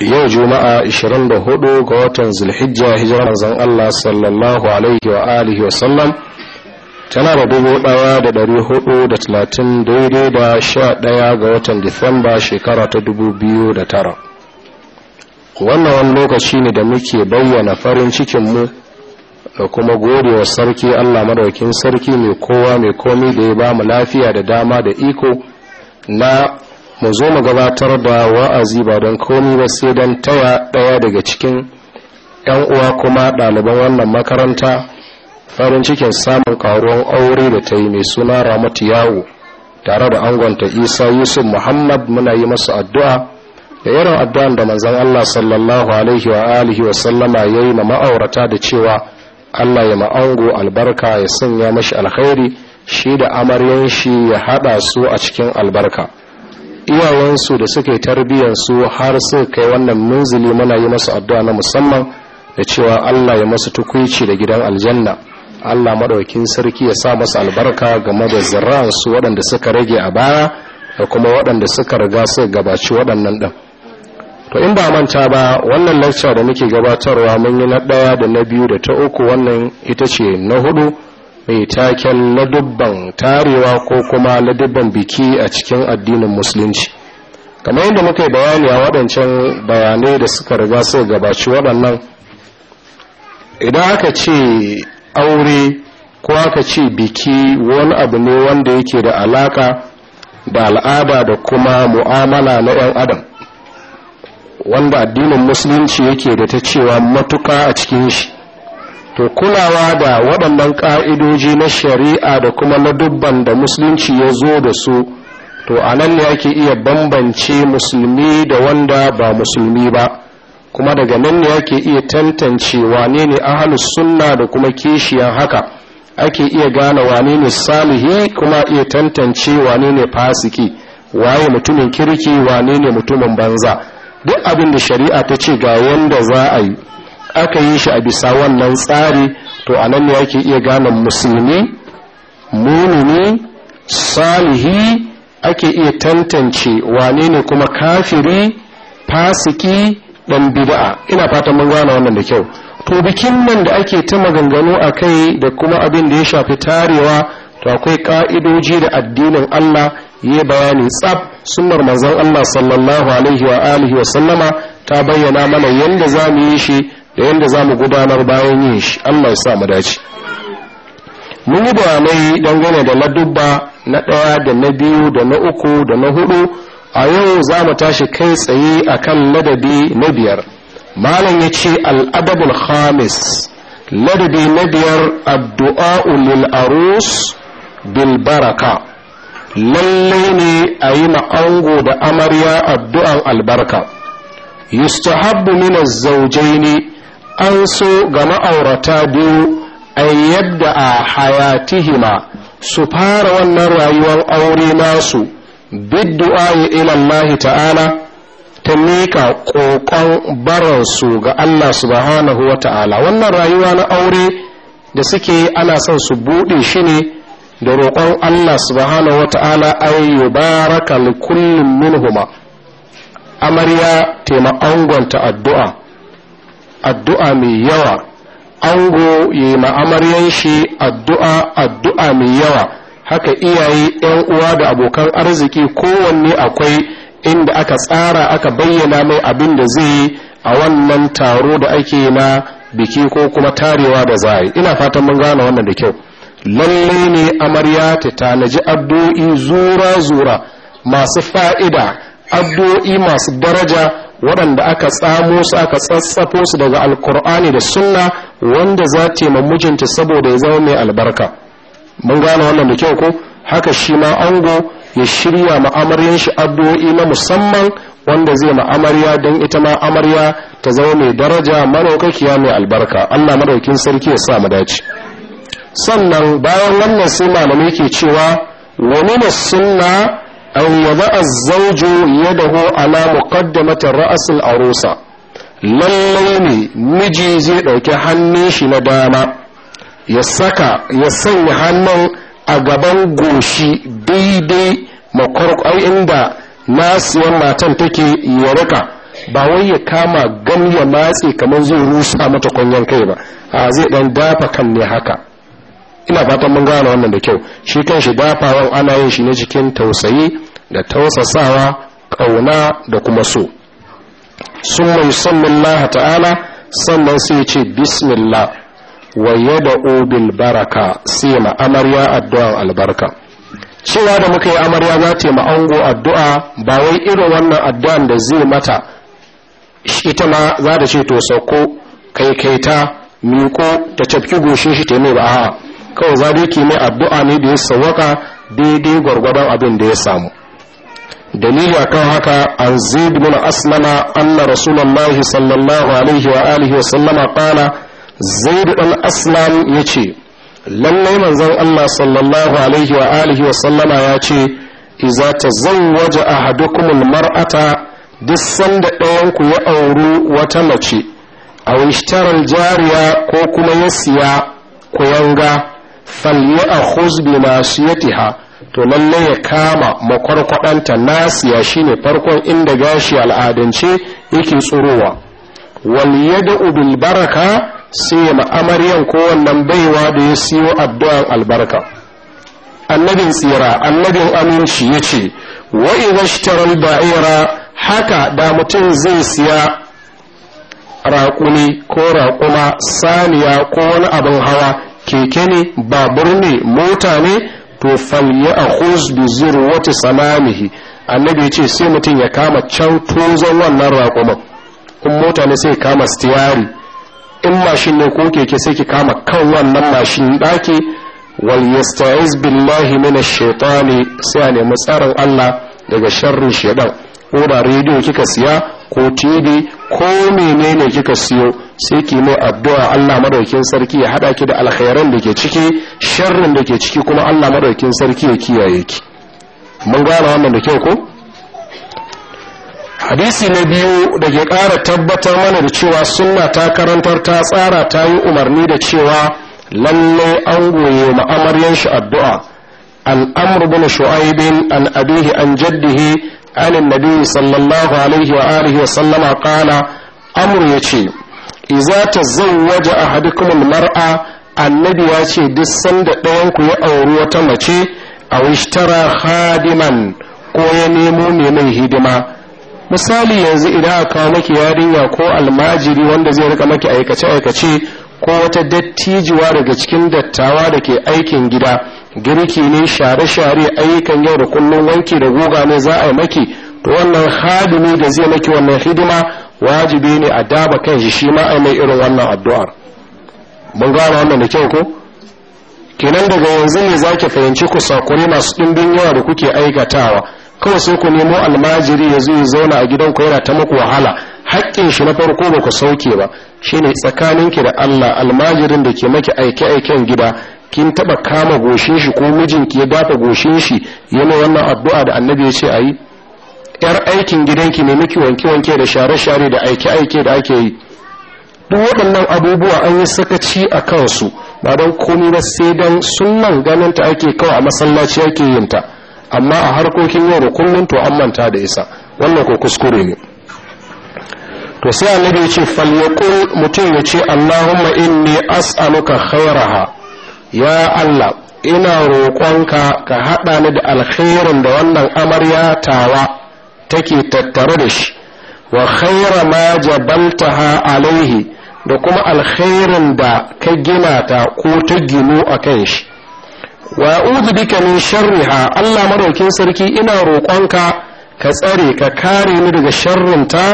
yau juma'a 24 ga watan zulhijja hijirar manzon Allah sallallahu alaihi wa alihi wa sallam tana da dubu daya da dari hudu da talatin daidai da sha daya ga watan disamba shekara ta dubu biyu da tara wannan wani lokaci ne da muke bayyana farin cikinmu da kuma gode wa sarki allah madaukin sarki mai kowa mai komi da ya ba mu lafiya da dama da iko na mu zo mu gabatar da wa'azi ba don komi ba sai don taya ɗaya daga cikin 'yan uwa kuma ɗaliban wannan makaranta farin cikin samun ƙaruwan aure da ta yi mai suna ramatu yawo tare da angonta isa yusuf muhammad muna yi masu addu'a da irin addu'an da manzon allah sallallahu alaihi wa alihi wa sallama ya yi ma ma'aurata da cewa allah ya ma'ango albarka ya sanya mashi alkhairi shi da amaryan shi ya haɗa su a cikin albarka iyayensu da suke yi tarbiyyarsu har suka kai wannan munzili muna yi masu addu'a na musamman da cewa Allah ya masu tukuici da gidan aljanna Allah maɗaukin sarki ya sa masu albarka game da zirransu waɗanda suka rage a baya da kuma waɗanda suka riga su gabaci waɗannan ɗin to in ba manta ba wannan lecture da muke gabatarwa mun yi na ɗaya da na biyu da ta uku wannan ita ce na hudu mai taken ladubban tarewa ko kuma ladubban biki a cikin addinin musulunci kamar yadda muka yi bayani a waɗancan bayanai da suka riga suka gabaci waɗannan idan aka ce aure ko aka ce biki wani abu ne wanda yake da alaka da al'ada da kuma mu'amala na 'yan adam wanda addinin musulunci yake da ta cewa matuka a cikin shi to kulawa da waɗannan ƙa'idoji na shari'a da kuma na dubban da musulunci ya zo da su to a nan ne ake iya bambance musulmi da wanda ba musulmi ba kuma daga nan ne ake iya tantance wane ne ahalus sunna da kuma kishiyan haka ake iya gane wane ne salihi kuma iya tantance wane ne fasiki waye mutumin kirki wane ne mutumin banza duk abin da shari'a ta ce ga yanda za a yi aka yi shi a bisa wannan tsari to a nan ne ake iya gane musulmi mumini salihi ake iya tantance wane ne kuma kafiri fasiki dan bid'a ina fata mun gane wannan da kyau to bikin nan da ake ta maganganu a kai da kuma abin da ya shafi tarewa to akwai ka'idoji da addinin Allah ya bayani tsab sunnar manzon Allah sallallahu alaihi wa alihi wa sallama ta bayyana mana yanda zamu yi shi da yadda za mu gudanar bayan yin shi allah ya sa mu dace mun yi bayanai dangane da ladubba na ɗaya da na biyu da na uku da na hudu a yau za mu tashi kai tsaye akan ladabi na biyar malam ya ce al'adabul khamis ladabi na biyar addu'a lil arus bil baraka lallai ne a yi ma'ango da amarya addu'an albarka yustahabbu min ne an so ga ma'aurata biyu a yadda a hayatihima su fara wannan rayuwar aure nasu biddu'a ilallahi ta'ala ta miƙa ƙoƙon baransu ga Allah subhanahu wa ta'ala wannan rayuwa na aure da suke ana son su buɗe shi ne da roƙon Allah subhanahu wa ta'ala ay yubaraka kullum kullum minhuma amarya taimakon gwanta addu'a addu'a mai yawa ango ya yi ma'amaryan shi addu'a addu'a mai yawa haka iyaye yan uwa da abokan arziki kowanne akwai inda aka tsara aka bayyana mai abin da zai yi a wannan taro da ake na biki ko kuma tarewa da za ina fatan mun gane wannan da kyau lalle ne amarya ta tanaji addu'i zura zura masu fa'ida addu'o'i masu daraja waɗanda aka tsamo su aka tsatsafo su daga alkur'ani da sunna wanda za ta yi mijinta saboda ya zama mai albarka mun gane wannan da kyau ko haka shi ma ango ya shirya ma'amarin shi addu'o'i na musamman wanda zai ma'amarya don ita ma amarya ta zama mai daraja malaukakiya mai albarka allah madaukin sarki ya sa mu dace sannan bayan wannan sai malamai ke cewa wani sunna an wada azzaujo yadahu ala muqaddamati ra'sil arusa lallai ne miji zai ɗauki hannun shi na dama ya saka sanya hannun a gaban goshi daidai makwarkwai inda nasiyan matan take ya rika ba wai ya kama gam ya matse kamar zai rusa mata kunyan kai ba a zai ɗan dafa kan ne haka ina fatan mun gane wannan da kyau shi kan shi dafawan ana yin shi ne cikin tausayi da tausasawa kauna da kuma so sun mai laha ta'ala sannan sai ce bismillah wa da obin baraka sai ma amarya addu'an albarka cewa da muka yi amarya za ta yi ma'ango addu'a ba wai irin wannan addu'an da zai mata ita ma za ta ce to sauko kai kai miko ta cafki goshin shi ta mai ba a kawai za da yake mai addu'a ne da ya sawaka daidai gwargwadon abin da ya samu dalili kan haka an zaid bin aslama anna rasulullahi sallallahu alaihi wa alihi wa sallama qala zaid bin aslam ce. lallai manzon Allah sallallahu alaihi wa alihi wa sallama ya ce iza hadu ahadukum almar'ata duk sanda ɗayan ku ya auri wata mace a ishtaral jariya ko kuma ya siya ku yanga a falyakhuz bi nasiyatiha to lalle ya kama makwarkwadanta nasiya shine farkon inda gashi al'adance yake tsurowa wal yad'u bil baraka sai ya ma'amaryan ko wannan baiwa da ya siyo addu'ar albarka annabin tsira annabin aminci ya ce idza ishtara ba'ira haka da mutum zai siya raƙuni ko raƙuma saniya ko wani abin hawa keke ne babur ne mota ne to falya a bi wata sanamihi annabi ce sai mutum ya kama can tozon wannan raƙuman in mota ne sai kama stiyari in mashin ne ko keke sai ki kama kan wannan mashin ɗaki wal yasta'iz billahi minash shaitani sai a nemi tsarin Allah daga sharrin shaitan ko da rediyo kika siya ko tv ko menene kika siyo sai ki mai addu'a Allah madaukin sarki ya haɗa ki da alkhairan da ke ciki sharrin da ke ciki kuma Allah madaukin sarki ya kiyaye ki mun gane wannan da kyau ko hadisi na biyu da ke ƙara tabbatar mana da cewa sunna ta karantar ta tsara ta yi umarni da cewa lalle an goye ma'amaryan shi addu'a al'amru bin shu'aibin an abihi an jaddihi an nabi sallallahu alaihi wa alihi wa sallama qala amru yace iza ta a ahadukum mar'a annabi ya ce duk sanda ɗayan ku ya auri wata mace a wishtara hadiman ko ya nemo ne mai hidima misali yanzu idan a kawo maki yarinya ko almajiri wanda zai rika maki aikace aikace ko wata dattijuwa daga cikin dattawa da ke aikin gida girki ne share-share ayyukan yau da kullum wanki da guga ne za a yi maki to wannan hadimi da zai maki wannan hidima wajibi ne a daba kan shi shi ma mai irin wannan addu'ar mun gano wannan da kyau ko kenan daga yanzu ne zaki fahimci ku sakuri masu ɗimbin yawa da kuke aikatawa kawai sai ku nemo almajiri ya zo zauna a gidan ku yana ta muku wahala haƙƙin shi na farko ba ku sauke ba shine tsakaninki da Allah almajirin da ke maki aike aiken gida kin taba kama goshin shi ko mijinki ya dafa goshin shi yana wannan addu'a da annabi ya ce ayi yar aikin gidanki ne miki wanke-wanke da share-share da aike-aike da ake yi duk waɗannan abubuwa an yi sakaci a kansu ba don komi ba sai don sunan ganin ta ake kawai a masallaci ake yin ta amma a harkokin yau da kullum to an manta da isa wannan ko kuskure ne to sai annabi ya ce falyakul mutum ya ce allahumma inni as'aluka khairaha ya allah ina roƙonka ka haɗa ni da alkhairin da wannan amarya tawa take tattare da shi wa khaira ma jabaltaha alaihi da kuma alkhairin da ka gina ta ko ta ginu a kan shi wa a'udhu bika min sharriha Allah madaukin sarki ina roƙonka ka tsare ka kare ni daga sharrinta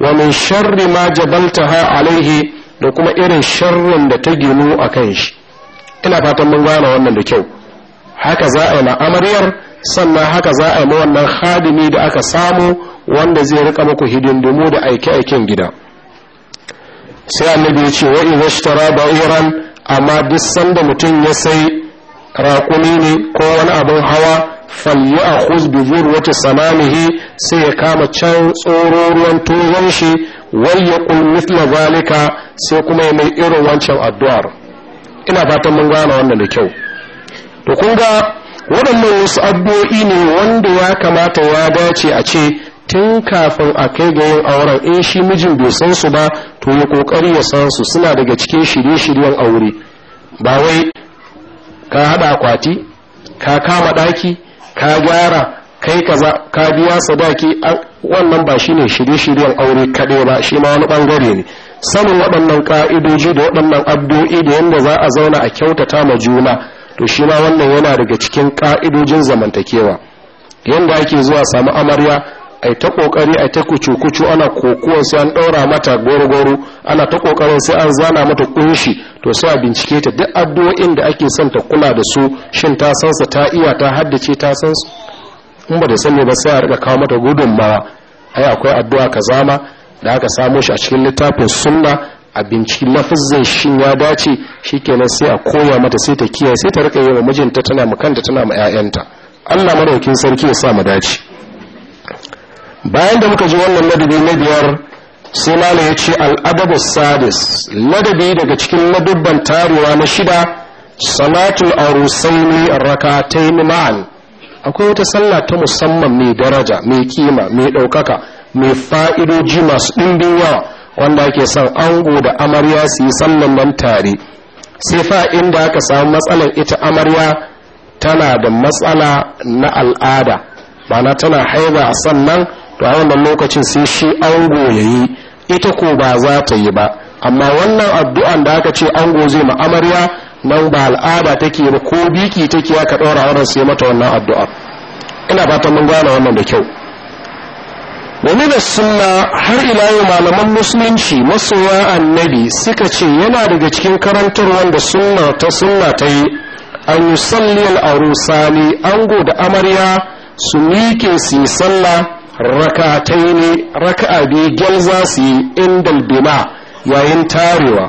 wa min sharri ma jabaltaha alaihi da kuma irin sharrin da ta ginu a kan shi ina fatan mun gane wannan da kyau haka za a yi na amaryar sannan haka za a yi wannan hadimi da aka samu wanda zai rika muku hidindimu da aike-aiken gida sai annabi ya ce wa idza ishtara ba'iran amma duk sanda mutum ya sai raƙumi ne ko wani abin hawa falyakhuz bi zurwati samanihi sai ya kama can tsororuwan tozon shi ya yaqul mithla zalika sai kuma ya mai irin wancan addu'ar ina fatan mun gane wannan da kyau to kun ga waɗannan wasu addu'o'i ne wanda ya kamata ya dace a ce tun kafin a kai ga yin auren in shi mijin bai san su ba to ya kokari ya san su suna daga cikin shirye-shiryen aure ba wai ka haɗa akwati ka kama ɗaki ka gyara kai kaza ka biya sadaki wannan ba shine shirye-shiryen aure kaɗai ba shi ma wani ɓangare ne sanin waɗannan ka'idoji da waɗannan addu'o'i da yadda za a zauna a kyautata ma juna to shi ma wannan yana daga cikin ka'idojin zamantakewa yadda ake zuwa samu amarya ai ta kokari ai ta kucu kucu ana kokuwar sai an ɗaura mata gwargwaro ana ta kokarin sai an zana mata ƙunshi to sai a bincike ta duk addu'o'in da ake son ta kula da su shin ta san ta iya ta haddace ta san su in ba da sani ba sai a riga kawo mata gudunmawa ai akwai addu'a kazama da aka samo shi a cikin littafin sunna a binciki lafazin shi ya dace shikenan sai a koya mata sai ta kiyaye sai ta rika yi wa mijinta tana makanta kanta tana mu ƴaƴanta Allah madaukin sarki ya sa mu dace bayan da muka ji wannan ladabi na biyar sai malam ya ce al'adabu sadis ladabi daga cikin ladubban taruwa na shida salatul arusaini rak'atayn ma'an akwai wata sallah ta musamman mai daraja mai kima mai ɗaukaka mai fa'idoji masu ɗimbin yawa wanda ake son ango da amarya su yi sallan nan tare sai fa inda aka samu matsalar ita amarya tana da matsala na al'ada na tana haiba a sannan to a wannan lokacin sai shi ango ya yi ita ko ba za ta yi ba amma wannan addu'an da aka ce ango zai ma amarya nan ba al'ada take ba ko biki take aka ɗora wannan sai mata wannan addu'a ina fatan mun gane wannan da kyau Wani da sunna har ila yau malaman musulunci masoya annabi suka ce yana daga cikin karantarwar da sunna ta sunna ta yi a yi salliyar ango da amarya su miƙe su yi sallah rakatai ne raka biyu gyal za su yi indalbina bima yayin tarewa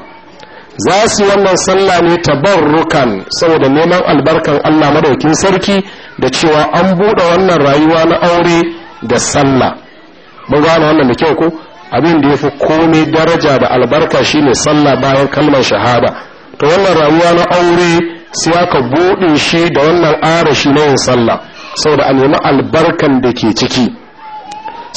za su yi wannan sallah ne tabarrukan saboda neman albarkan allah madaukin sarki da cewa an buɗe wannan rayuwa na aure da sallah mun gane wannan da kyau ko abin da ya fi komai daraja da albarka shine sallah bayan kalmar shahada to wannan rayuwa na aure sai aka buɗe shi da wannan arashi na yin sallah saboda a nemi albarkan da ke ciki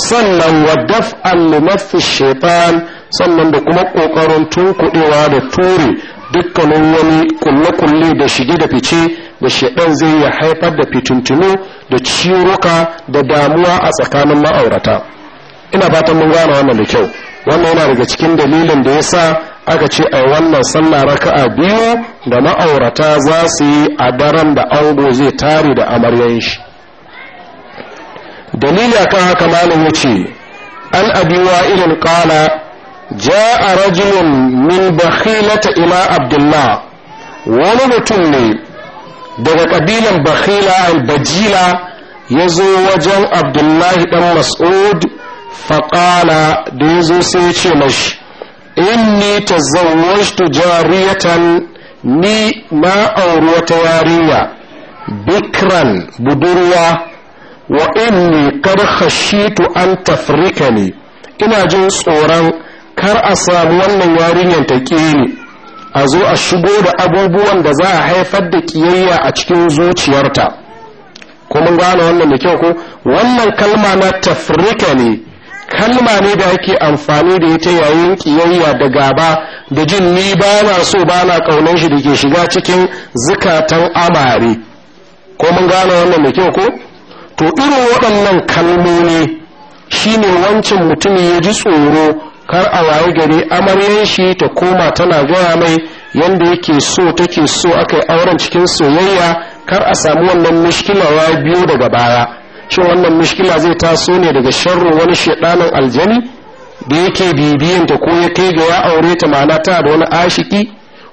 sannan wa daf'an limafi shaitan sannan da kuma ƙoƙarin tunkuɗewa da ture dukkanin wani kulle-kulle da shige da fice da shaɗan zai ya haifar da fitintunu da ciruka da damuwa a tsakanin ma'aurata ina fatan mun gane wannan da kyau wannan yana daga cikin dalilin da yasa aka ce ai wannan sallah raka'a biyu da ma'aurata za su yi a daren da ango zai tare da amaryan shi dalili akan haka malam yace an abi wa'ilin qala ja'a rajulun min bakhilata ila abdullah wani mutum ne daga kabilan bakhila al-bajila yazo wajen abdullahi dan mas'ud faƙala da ya zo sai ce mashi inni tazawwajtu jariyatan ni na auri wata yarinya bikran budurwa wa inni kar khashitu an tafrikani ina jin tsoron kar a samu wannan yarinyar ta ni a zo a shigo da abubuwan da za a haifar da kiyayya a cikin zuciyarta ko mun gane wannan da kyau ko wannan kalma na tafrika ne kalma ne da ake amfani da ita yayin kiyayya da gaba da jin ni ba na so ba na kaunan shi da ke shiga cikin zukatan amare ko mun gane wannan da kyau ko to irin waɗannan kalmomi shine wancan mutum ya ji tsoro kar a waye gare amaryan shi ta koma tana gaya mai yanda yake so take so aka yi auren cikin soyayya kar a samu wannan mushkilawa ya biyo daga baya shin wannan mushkila zai taso ne daga sharro wani shedanin aljani da yake bibiyanta ko ya kai ga ya aure ta ma'ana ta da wani ashiki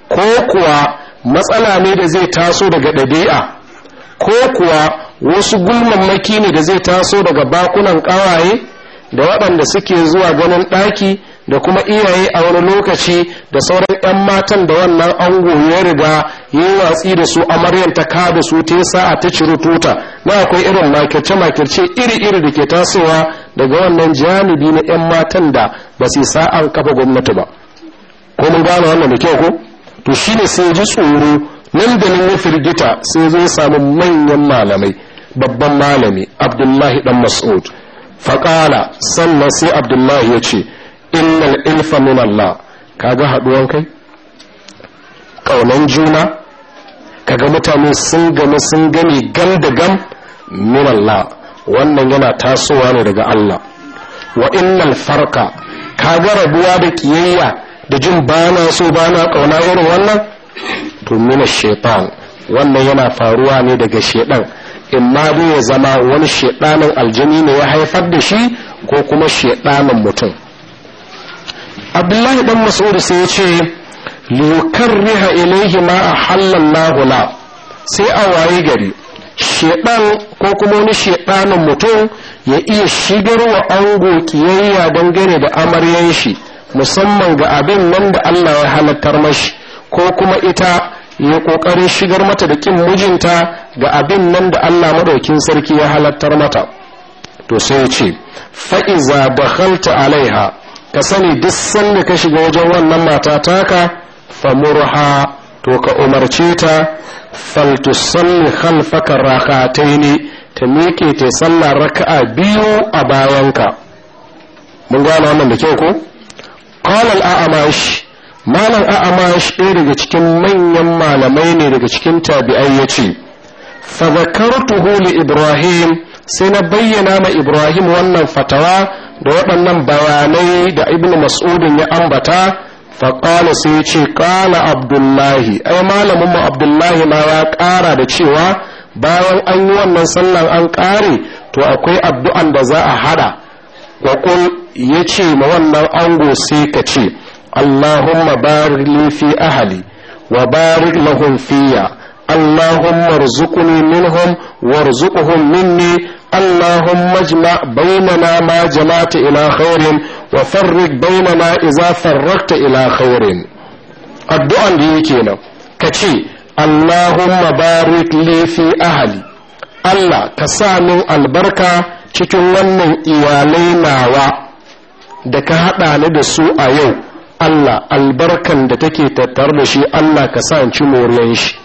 ko kuwa matsala ne da zai taso daga ɗabi'a ko kuwa wasu gulmammaki ne da zai taso daga bakunan ƙawaye da waɗanda suke zuwa ganin ɗaki da kuma iyaye a wani lokaci da sauran 'yan matan da wannan ango ya riga yi watsi da su amaryan ta ka da su ta yi sa'a ta ciro tuta na akwai irin makirce makirce iri iri da ke tasowa daga wannan janibi na 'yan matan da ba su an kafa gwamnati ba ko mun gane wannan da kyau ko to shi shine sai ji tsoro nan da nan ya firgita sai zai samu manyan malamai babban malami abdullahi dan mas'ud faƙala sannan sai abdullahi ya ce innal ilfa min Allah kaga haduwan kai kaunan juna kaga mutane sun gama sun gane gam da gam min Allah wannan yana tasowa ne daga Allah wa innal farqa kaga rabuwa da kiyayya da jin bana so bana kauna irin wannan to min shaitan wannan yana faruwa ne daga shaitan imma dai ya zama wani shaitanin aljini ne ya haifar da shi ko kuma shaitanin mutum abdullahi dan mas'ud sai ya ce yukarriha ilayhi ma ahallallahu la sai a waye gari shedan ko kuma wani shedanin mutum ya iya shigar wa ango kiyayya dangane da amaryan shi musamman ga abin nan da Allah ya halattar mashi ko kuma ita ya kokarin shigar mata da kin mijinta ga abin nan da Allah madaukin sarki ya halattar mata to sai ya ce fa'iza dakhalta alaiha ka sani duk sanda ka shiga wajen wannan mata taka famurha to ka umarce ta faltusalli khalfaka rakataini ta miƙe ta sallah raka'a biyu a bayanka mun gano wannan da kyau ko qala al-a'mash malam a'mash ɗaya daga cikin manyan malamai ne daga cikin tabi'ai yace fa zakartuhu li ibrahim sai na bayyana ma ibrahim wannan fatawa da waɗannan bayanai da ibn mas'udin ya ambata faƙala sai ce ƙala abdullahi ai malamin mu abdullahi ma ya ƙara da cewa bayan an yi wannan sallan an ƙare to akwai addu'an da za a hada waƙul ya ce ma wannan ango sai ka ce allahumma barik li fi ahali wa barik lahum fiya allahumma rzuqni minhum warzuqhum minni اللهم اجمع بيننا ما جمعت إلى خير وفرق بيننا إذا فرقت إلى خير الدعاء دي كينا كتي اللهم بارك لي في أهلي الله كسامي البركة cikin wannan iyalai nawa da ka haɗa ni da su a yau Allah albarkan da take tattare da shi Allah ka sa in ci moriyan shi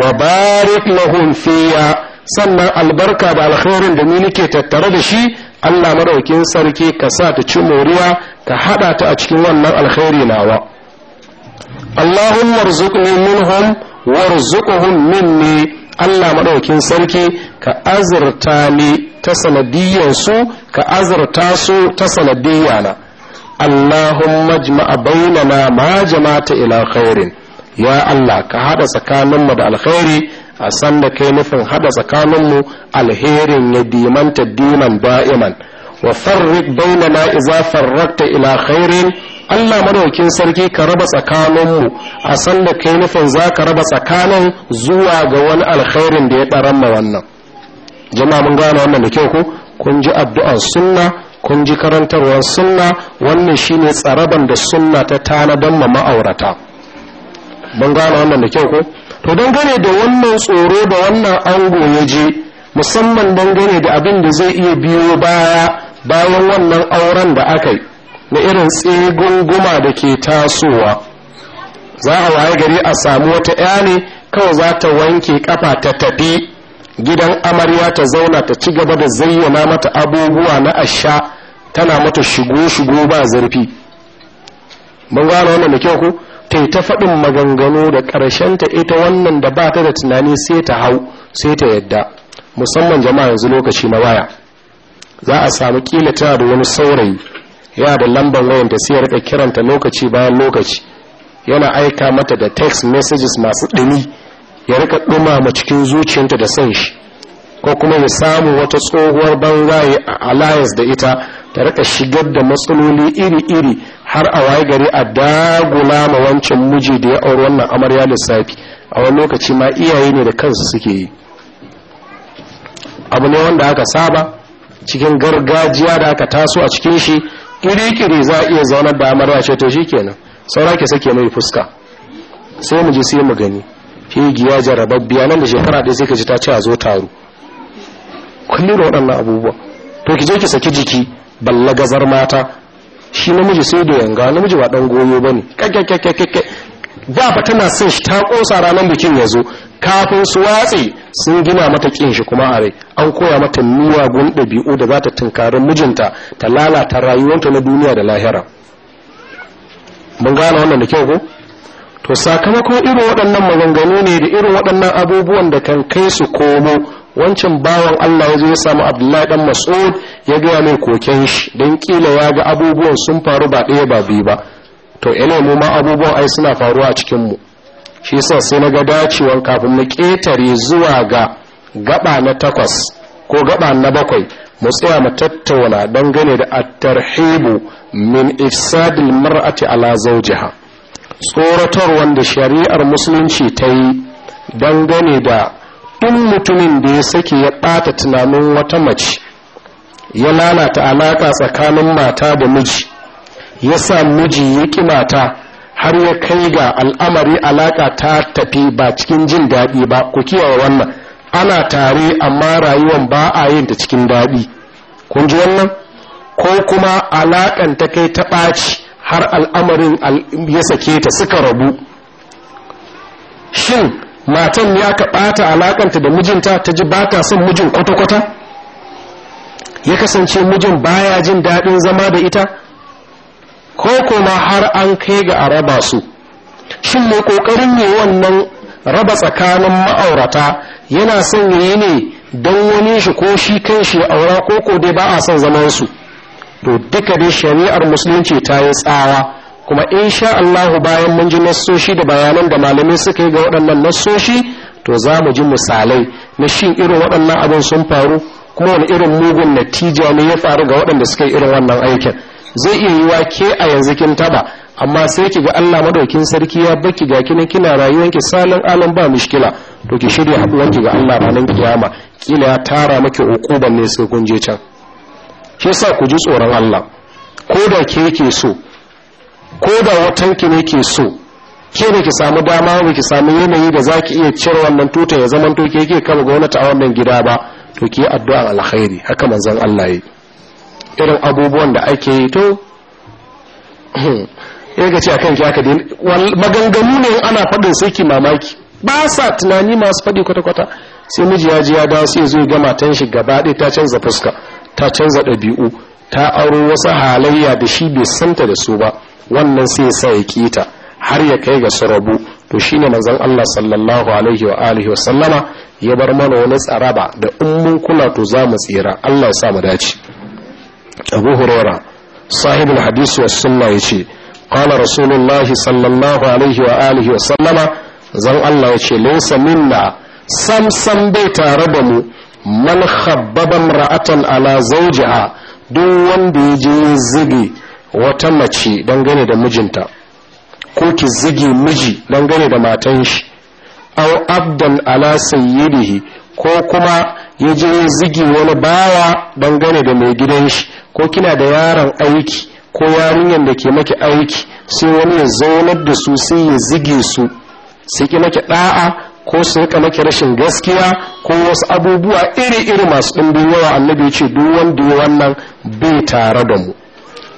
wa barik lahum fiya sannan albarka da alkhairin da ni nake tattare da shi Allah maraukin sarki ka sa ta ci moriya ka hada ta a cikin wannan alkhairi nawa Allahumma arzuqni minhum warzuqhum minni Allah madaukin sarki ka azurta ni ta sanadiyyar su ka azurta su ta sanadiyyana. Allahumma jma'a bainana ma jama'ata ila khairin ya Allah ka hada tsakaninmu da alkhairi a san da kai nufin hada tsakaninmu alherin ya dimanta diman da'iman wa farrik na iza farrakta ila khairin Allah madaukin sarki ka raba tsakaninmu a san da kai nufin za ka raba tsakanin zuwa ga wani alkhairin da ya ɗaran ma wannan jama'a mun gane wannan da kyau ko kun ji addu'ar sunna kun ji karantarwar sunna wannan shine tsaraban da sunna ta tanadan ma ma'aurata mun gane wannan da kyau ko to dangane da wannan tsoro da wannan ango ya je musamman dangane da abin da zai iya biyo baya bayan wannan auren da aka yi na irin tsegunguma da ke tasowa za a waye gari a samu wata ya ne kawai za ta wanke kafa ta tafi gidan amarya ta zauna ta ci gaba da zayyana mata abubuwa na asha tana mata shigo-shigo ba zarfi. mun gane wannan da kyau ko ta ta faɗin maganganu da ta ita wannan da ba ta da tunani sai ta hau sai ta yadda musamman jama'a yanzu lokaci na waya za a samu kila ta da wani saurayi yana da lambar wayan ta sai ya rika kiranta lokaci bayan lokaci yana aika mata da text messages masu ɗumi ya rika ɗumama cikin zuciyarta da son shi ko kuma ya samu wata tsohuwar banza ya alliance da ita ta rika shigar da matsaloli iri-iri har a waye gari a dagula ma wancan miji da ya auri wannan amarya lissafi a wani lokaci ma iyaye ne da kansu suke yi abu ne wanda aka saba cikin gargajiya da aka taso a cikin shi kiri-kiri za a iya zaunar da amarya ce to kenan saura ke sake mai fuska sai mu je sai mu gani higiya jarababbiya nan da shekara ɗaya sai ka ji ta ce a zo taro kullum waɗannan abubuwa to ki je ki saki jiki balla gazar mata shi namiji sai da yanga namiji ba dan goyo bane kakkakkakkakke da ba tana son shi ta kosa ranar bikin ya zo kafin su watse sun gina mata kin shi kuma a rai an koya mata miyagun ɗabi'u da za ta tunkari mijinta ta lalata rayuwanta na duniya da lahira mun gane wannan da kyau ko to sakamakon irin waɗannan maganganu ne da irin waɗannan abubuwan da kan kai su komo wancan bawan Allah ya zo ya samu Abdullahi dan Mas'ud ya gaya mai koken shi dan kila ya ga abubuwan sun faru ba ɗaya ba biyu ba to ina mu ma abubuwan ai suna faruwa a cikin mu shi yasa sai na ga dacewan kafin mu ƙetare zuwa ga gaba na takwas ko gaba na bakwai mu tsaya mu tattauna dangane da at-tarhibu min ifsadil mar'ati ala zawjiha tsoratar wanda shari'ar musulunci ta yi dangane da in mutumin da ya sake ya ɓata tunanin wata mace ya lalata alaƙa tsakanin mata da miji ya sa miji ya ƙi mata har ya kai ga al'amari alaƙa ta tafi ba cikin jin daɗi ba ku kiyaye wannan ana tare amma rayuwan ba a yin ta cikin daɗi kun ji wannan ko kuma alaƙan ta kai ta ɓaci har al'amarin ya sake ta suka rabu shin matan ya ka ɓata alaƙanta da mijinta ta ji ba ta son mijin kwata-kwata ya kasance mijin baya jin daɗin zama da ita ko kuma har an kai ga a raba su shin mai ƙoƙarin ne wannan raba tsakanin ma'aurata yana son ne don wani shi ko shi kai shi aura ko ko dai ba a son zaman su to duka dai shari'ar musulunci ta yi tsawa kuma in sha Allahu bayan mun ji nassoshi da bayanan da malamai suka yi ga waɗannan nassoshi to za mu ji misalai na shin irin waɗannan abin sun faru kuma wani irin mugun natija ne ya faru ga waɗanda suka yi irin wannan aikin zai iya yi ke a yanzu kin taɓa amma sai ki ga Allah madaukin sarki ya baki ga kina kina rayuwanki salon alam ba mushkila to ki shirya haɗuwanki ga Allah ranar kiyama kila ya tara maki ukuban ne sai kun je can shi sa ku ji tsoron Allah ko da ke ke so ko da watan ki ne ke so ke da ki samu dama ba ki samu yanayi da zaki iya cire wannan tuta ya zama to ke ke kama gwamnati a wannan gida ba to ki addu'a alkhairi haka manzon Allah yi irin abubuwan da ake yi to ya ga ce a ki aka dai maganganu ne ana faɗin sai ki mamaki ba sa tunani masu faɗi kwata-kwata sai miji ya ji ya dawo sai zo ya gama tan shi gaba ɗaya ta canza fuska ta canza ɗabi'u ta aro wasu halayya da shi bai santa da su ba wannan sai sa ya keta har ya kai ga su rabu to shine manzon Allah sallallahu alaihi wa alihi wa sallama ya bar mana wani tsaraba da in mun kula to za mu tsira Allah ya sa mu dace Abu Huraira sahibul hadisi was sunna yace qala rasulullah sallallahu alaihi wa alihi wa sallama zan Allah yace laysa minna sam sam bai tare da mu man khabbaba ra'atan ala zawjiha duk wanda ya je zige wata mace dangane da mijinta ko ki zigi miji dangane da matan shi aw abdan ala sayyidihi ko kuma ya je zige wani baya dangane da mai gidan shi ko kina da yaron aiki ko yarinyar da ke maki aiki sai wani ya zaunar da su sai ya zige su sai ki maki da'a ko su rika maki rashin gaskiya ko wasu abubuwa iri-iri masu ɗumbin yawa annabi ce duk wanda ya wannan bai tare da mu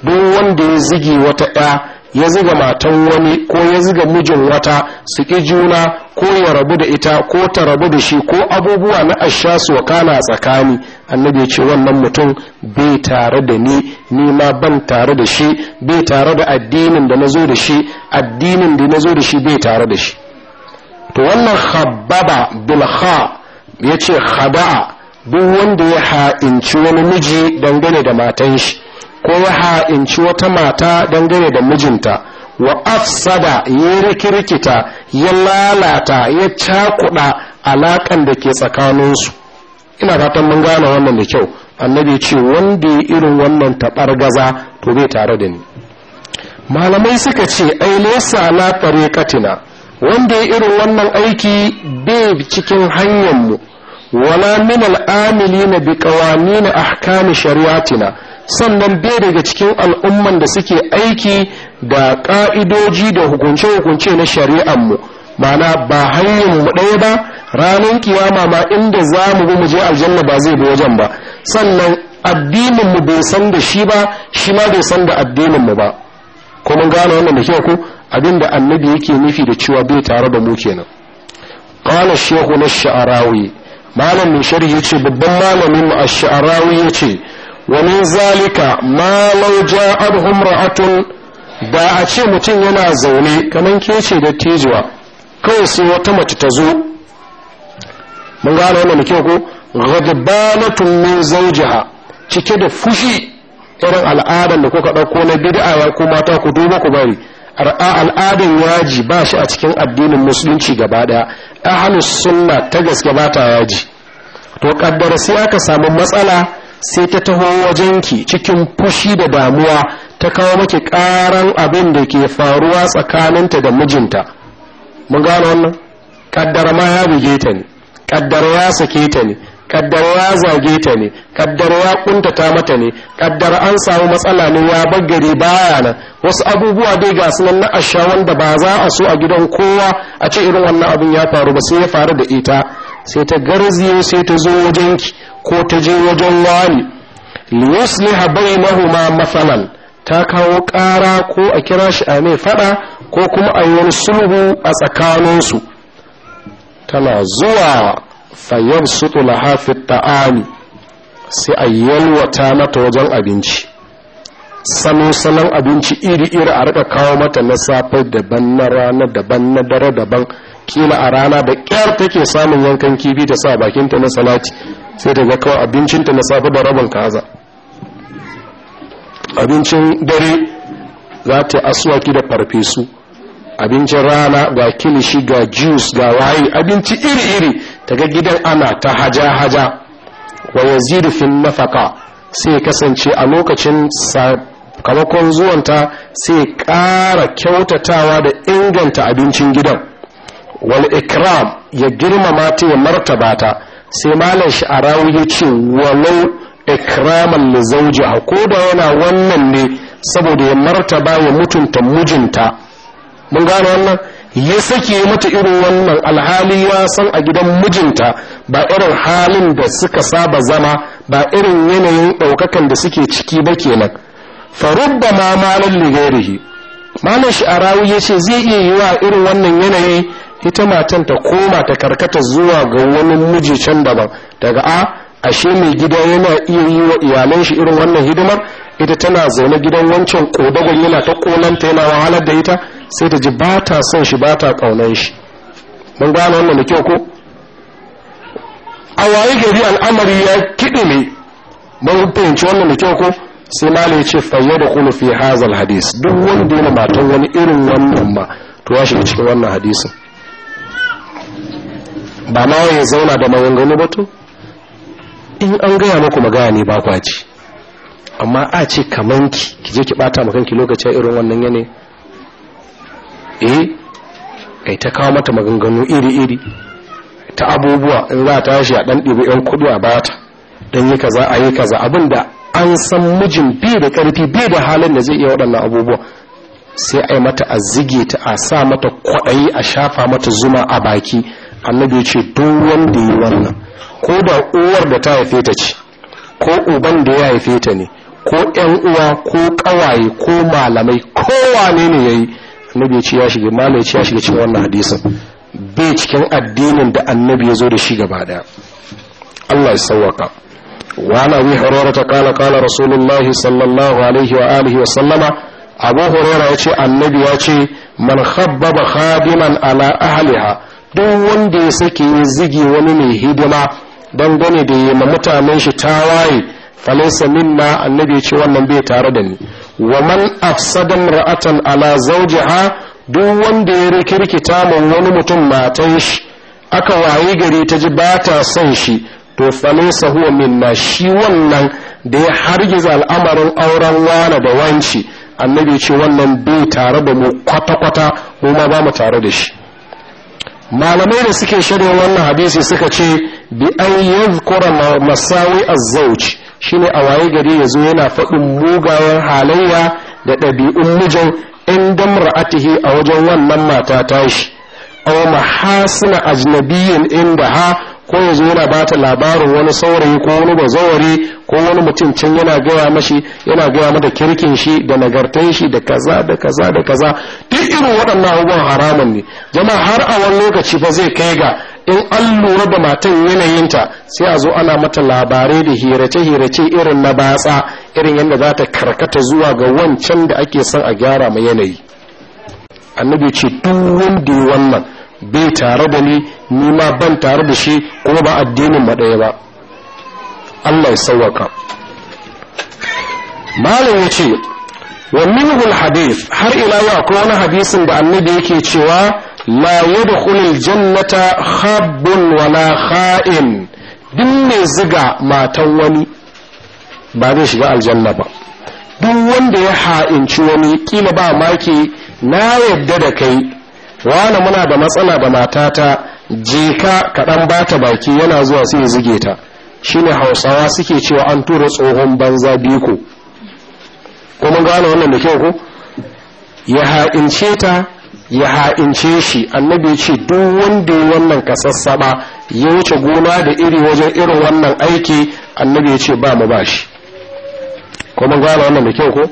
duk wanda ya zige wata ɗaya ya ziga matan wani ko ya ziga mijin wata su ƙi juna ko ya rabu da ita ko ta rabu da shi ko abubuwa na asha su wakana tsakani annabi ce wannan mutum bai tare da ni ni ma ban tare da shi bai tare da addinin da na zo da shi addinin da na zo da shi bai tare da shi to wannan khabbaba bil kha yace khada'a duk wanda ya ha'inci wani miji dangane da matan shi ko ya ha'inci wata mata dangane da mijinta wa afsada ya rikirkita ya lalata ya cakuɗa alaƙan da ke tsakaninsu ina fatan mun gane wannan da kyau annabi ce wanda ya irin wannan taɓar gaza to bai tare da ni malamai suka ce ai na la katina. wanda ya irin wannan aiki bai cikin hanyar mu wala min al'amilina bi qawamin ahkam shari'atina sannan bai daga cikin al'umman da suke aiki da ka'idoji da hukunce-hukunce na shari'ar mu Ma'ana ba hanyar mu ɗaya ba ranar kiyama ma inda za mu bi mu je aljanna ba zai bi wajen ba sannan addinin mu bai san da shi ba shi ma bai san da addinin mu ba ko mun gane wannan da kyau ko abinda annabi yake nufi da cewa bai tare da mu kenan qala shaykhu na sharawi malam min yace babban malamin mu a sharawi yace wa min zalika ma law ja'adhum ra'atun da a ce mutum yana zaune kaman ke ce da tejuwa kawai sai wata mace ta zo mun ga wannan kyau ko ghadbanatun min zawjiha cike da fushi irin al'adar da kuka dauko na bid'a ya ko mata ku duba ku bari al'adun yaji ba shi a cikin addinin musulunci gaba daya ahlus sunna ta gaske ba ta yaji to kaddar sai aka samu matsala sai ta taho wajenki cikin fushi da damuwa ta kawo maki karan abin da ke faruwa tsakaninta da mijinta mun gano wannan kaddar ma ya buge ta ne kaddara ya sake ta ne kaddar ya zage ta ne kaddar ya kuntata mata ne kaddar an samu matsala ne ya baggare baya nan wasu abubuwa dai ga su nan na asha wanda ba za a so a gidan kowa a ce irin wannan abin ya faru ba sai ya faru da ita sai ta garziyo sai ta zo wajen ki ko ta je wajen wani liyusliha bainahuma mathalan ta kawo ƙara ko a kira shi a mai fada ko kuma a yi wani sulhu a tsakaninsu tana zuwa fayyar sutu na fi ta'ani sai a yalwata mata wajen abinci salo salon abinci iri-iri a rika kawo mata na safe daban na rana daban na dare daban kila a rana da ƙyar take samun yankan kifi ta sa bakinta na salati sai ta ga kawai abincinta na safe da rabin kaza abincin dare za ta aswaki da farfesu abincin rana ga kilishi ga juice ga waye abinci iri-iri ta gidan ana ta haja-haja wa yazidu fin nafaka sai kasance a lokacin sakamakon zuwanta sai kara kyautatawa da inganta abincin gidan wal ikram ya girmama ta ya martaba ta sai malam sha'arawi ya ce walau ikraman li zauji a koda yana wannan ne saboda ya martaba ya mutunta mijinta mun gane wannan ya sake mata irin wannan alhali ya san a gidan mijinta ba irin halin da suka saba zama ba irin yanayin ɗaukakan da suke ciki ba kenan farubba ma malin ligarihi malan sha'arawi ya ce zai iya yi wa irin wannan yanayi ita matan ta koma ta karkata zuwa ga wani miji can daban daga a ashe mai gida yana iya yi wa iyalan shi irin wannan hidimar ita tana zaune gidan wancan kodagon yana ta kolanta yana wahalar da ita sai ta ji ba ta son shi ba ta ƙaunar shi mun gane wannan da kyau ko a waye gari al'amari ya kiɗi ne mun fahimci wannan da kyau ko sai malai ce fayya da kulu fi hazal hadis duk wanda yana matan wani irin wannan ma to ya shiga cikin wannan hadisin ba ma ya zauna da maganganu ba to in an gaya muku magana ne ba kwaci amma a ce kamanki ki je ki bata makanki lokacin irin wannan yanayi eh kai ta kawo mata maganganu iri-iri ta abubuwa in za ta tashi a ɗan ɗibi 'yan kudu a bata don yi kaza a yi kaza abinda an san mijin bi da ƙarfi bi da halin da zai iya waɗannan abubuwa sai a yi mata a zige ta a sa mata kwaɗayi a shafa mata zuma a baki annabi ce duk wanda yi wannan ko da uwar da ta haife ta ce ko uban da ya haife ta ne ko 'yan uwa ko ƙawaye ko malamai ko wane ne ya yi annabi ya ce ya shige malai ce ya shige cikin wannan hadisin bai cikin addinin da annabi ya zo da shi gaba daya Allah ya sawwaka wa ana wi ta kala kala rasulullahi sallallahu alaihi wa alihi wa sallama abu hurara ya ce annabi ya ce man khabbaba khadiman ala ahliha duk wanda ya sake ya zige wani mai hidima dangane da yi ma mutanen shi tawaye falaisa minna annabi ya ce wannan bai tare da ni wa man afsada ra'atan ala zawjiha duk wanda ya rikirkita man wani mutum matan shi aka waye gari ta ji bata son shi to falisa huwa minna shi wannan da ya hargiza al'amarin auren wala da wanci annabi ce wannan bai tare da mu kwata-kwata mu ma ba mu tare da shi malamai da suke shirya wannan hadisi suka ce bi an yadhkura masawi az-zawj ne a waye gari ya zo yana faɗin mugayen halayya da ɗabi'un mijin in damra'atihi a wajen wannan mata tashi aw mahasina ajnabiyyin inda ha ko ya yana ba ta labarin wani saurayi ko wani bazawari ko wani mutum can yana gaya mashi yana gaya mata kirkin shi da nagartan shi da kaza da kaza da kaza duk irin waɗannan abubuwan haramun ne jama'a har a wani lokaci ba zai kai ga in an lura da matan yanayinta sai a zo ana mata labarai da hirace-hirace irin na batsa irin yadda za ta karkata zuwa ga wancan da ake son a gyara ma yanayi annabi ce duk wanda ya wannan bai tare da ni ni ma ban tare da shi kuma ba addinin maɗaya ba Allah ya sauwaka malam ya ce wa minhul hadith har ila yau akwai wani hadisin da annabi yake cewa la yadkhulul jannata khabbun wala kha'in duk mai ziga matan wani ba zai shiga aljanna ba duk wanda ya ha'inci wani kila ba maki na yadda da kai wani muna da matsala da matata je ka kaɗan ba ta baki yana zuwa sai ya zige ta shine hausawa suke cewa an tura tsohon banza biku. ko mun gane wannan da kyau ko ya ha'ince ta ya ha'ince shi annabi ce duk wanda ya wannan ba ya wuce gona da iri wajen irin wannan aiki annabi ya ce ba mu ba shi kuma gwana wannan da kyau ko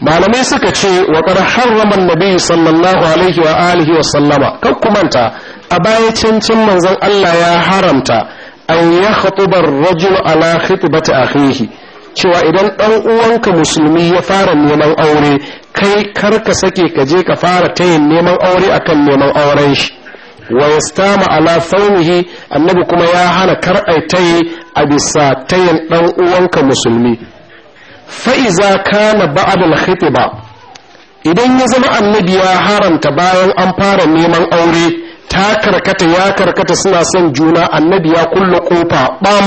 malamai suka ce wa qad harrama annabi sallallahu alaihi wa alihi wa sallama kan kumanta a baya cincin manzon Allah ya haramta an yakhtuba ar rajul ala khitbati akhihi cewa idan ɗan uwanka musulmi ya fara neman aure kai kar ka sake ka je ka fara tayin neman aure akan neman auren shi wa yastama ala faunihi annabi kuma ya hana kar ai tayi a bisa tayin ɗan uwanka musulmi fa'iza kana ba'adul khitiba idan ya zama annabi ya haramta bayan an fara neman aure ta karkata ya karkata suna son juna annabi ya kulle kofa bam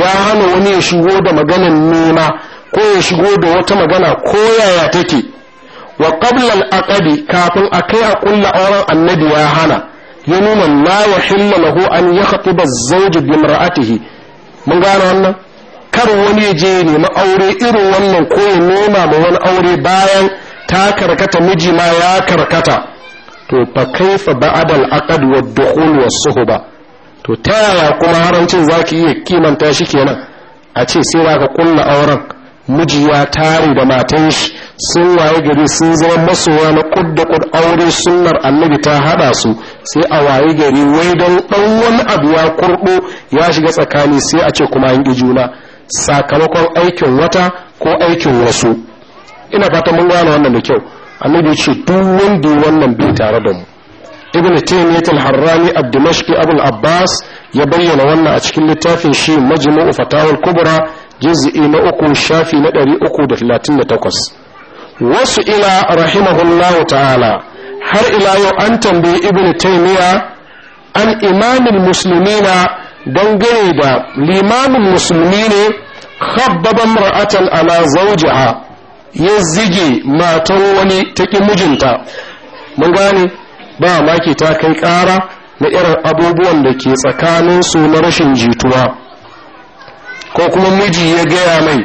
ya hana wani ya shigo da maganan nema ko ya shigo da wata magana ko yaya take wa qabla al-aqdi kafin akai a kulla auren annabi ya hana ya nuna la yahillu lahu an yakhtuba az-zawj bi imra'atihi mun gane wannan kar wani ya je nemi aure irin wannan ko ya nema ba wani aure bayan ta karkata miji ma ya karkata to fa kaifa ba'da al-aqd wa ad-dukhul wa suhbah to ta yaya kuma harancin za ki iya kimanta shi kenan a ce sai za ka kulla auren miji ya tare da matan shi sun waye gari sun zama masoya na kudda kud aure sunnar annabi ta hada su sai a waye gari wai don dan wani abu ya kurdo ya shiga tsakani sai a ce kuma an juna sakamakon aikin wata ko aikin wasu ina fata mun gane wannan da kyau annabi ce duk wanda wannan bai tare da mu ibn taymiyyah al-harrani ad-dimashqi abul abbas ya bayyana wannan a cikin littafin shi majmu'u fatawul kubra juz'i na uku shafi na 338 wasu ila rahimahullahu ta'ala har ila yau an tambayi ibn taymiyyah an imamin muslimina dangane da limamin musulmi ne khabbaba mar'atan ala zawjiha ya zige matan wani ta mijinta mun gane ba maki ta kai ƙara na irin abubuwan da ke tsakanin su na rashin jituwa ko kuma miji ya gaya mai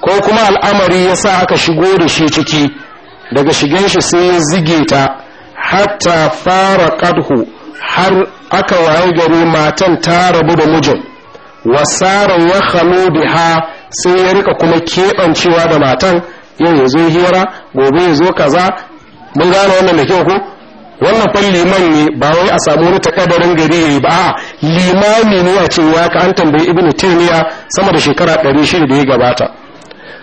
ko kuma al'amari ya sa aka shigo da shi ciki daga shigen shi sai ya zige ta hatta fara kadhu har aka waye gare matan ta rabu da mijin wasara ya khalo biha sai ya rika kuma keɓancewa da matan yau ya zo hira gobe ya zo kaza mun gane wannan da kyau ko wannan fan liman ne ba wai a samu wani kadarin gari yayi ba a limami ne a cewa ka an tambayi Ibn taymiya sama da shekara 600 da ya gabata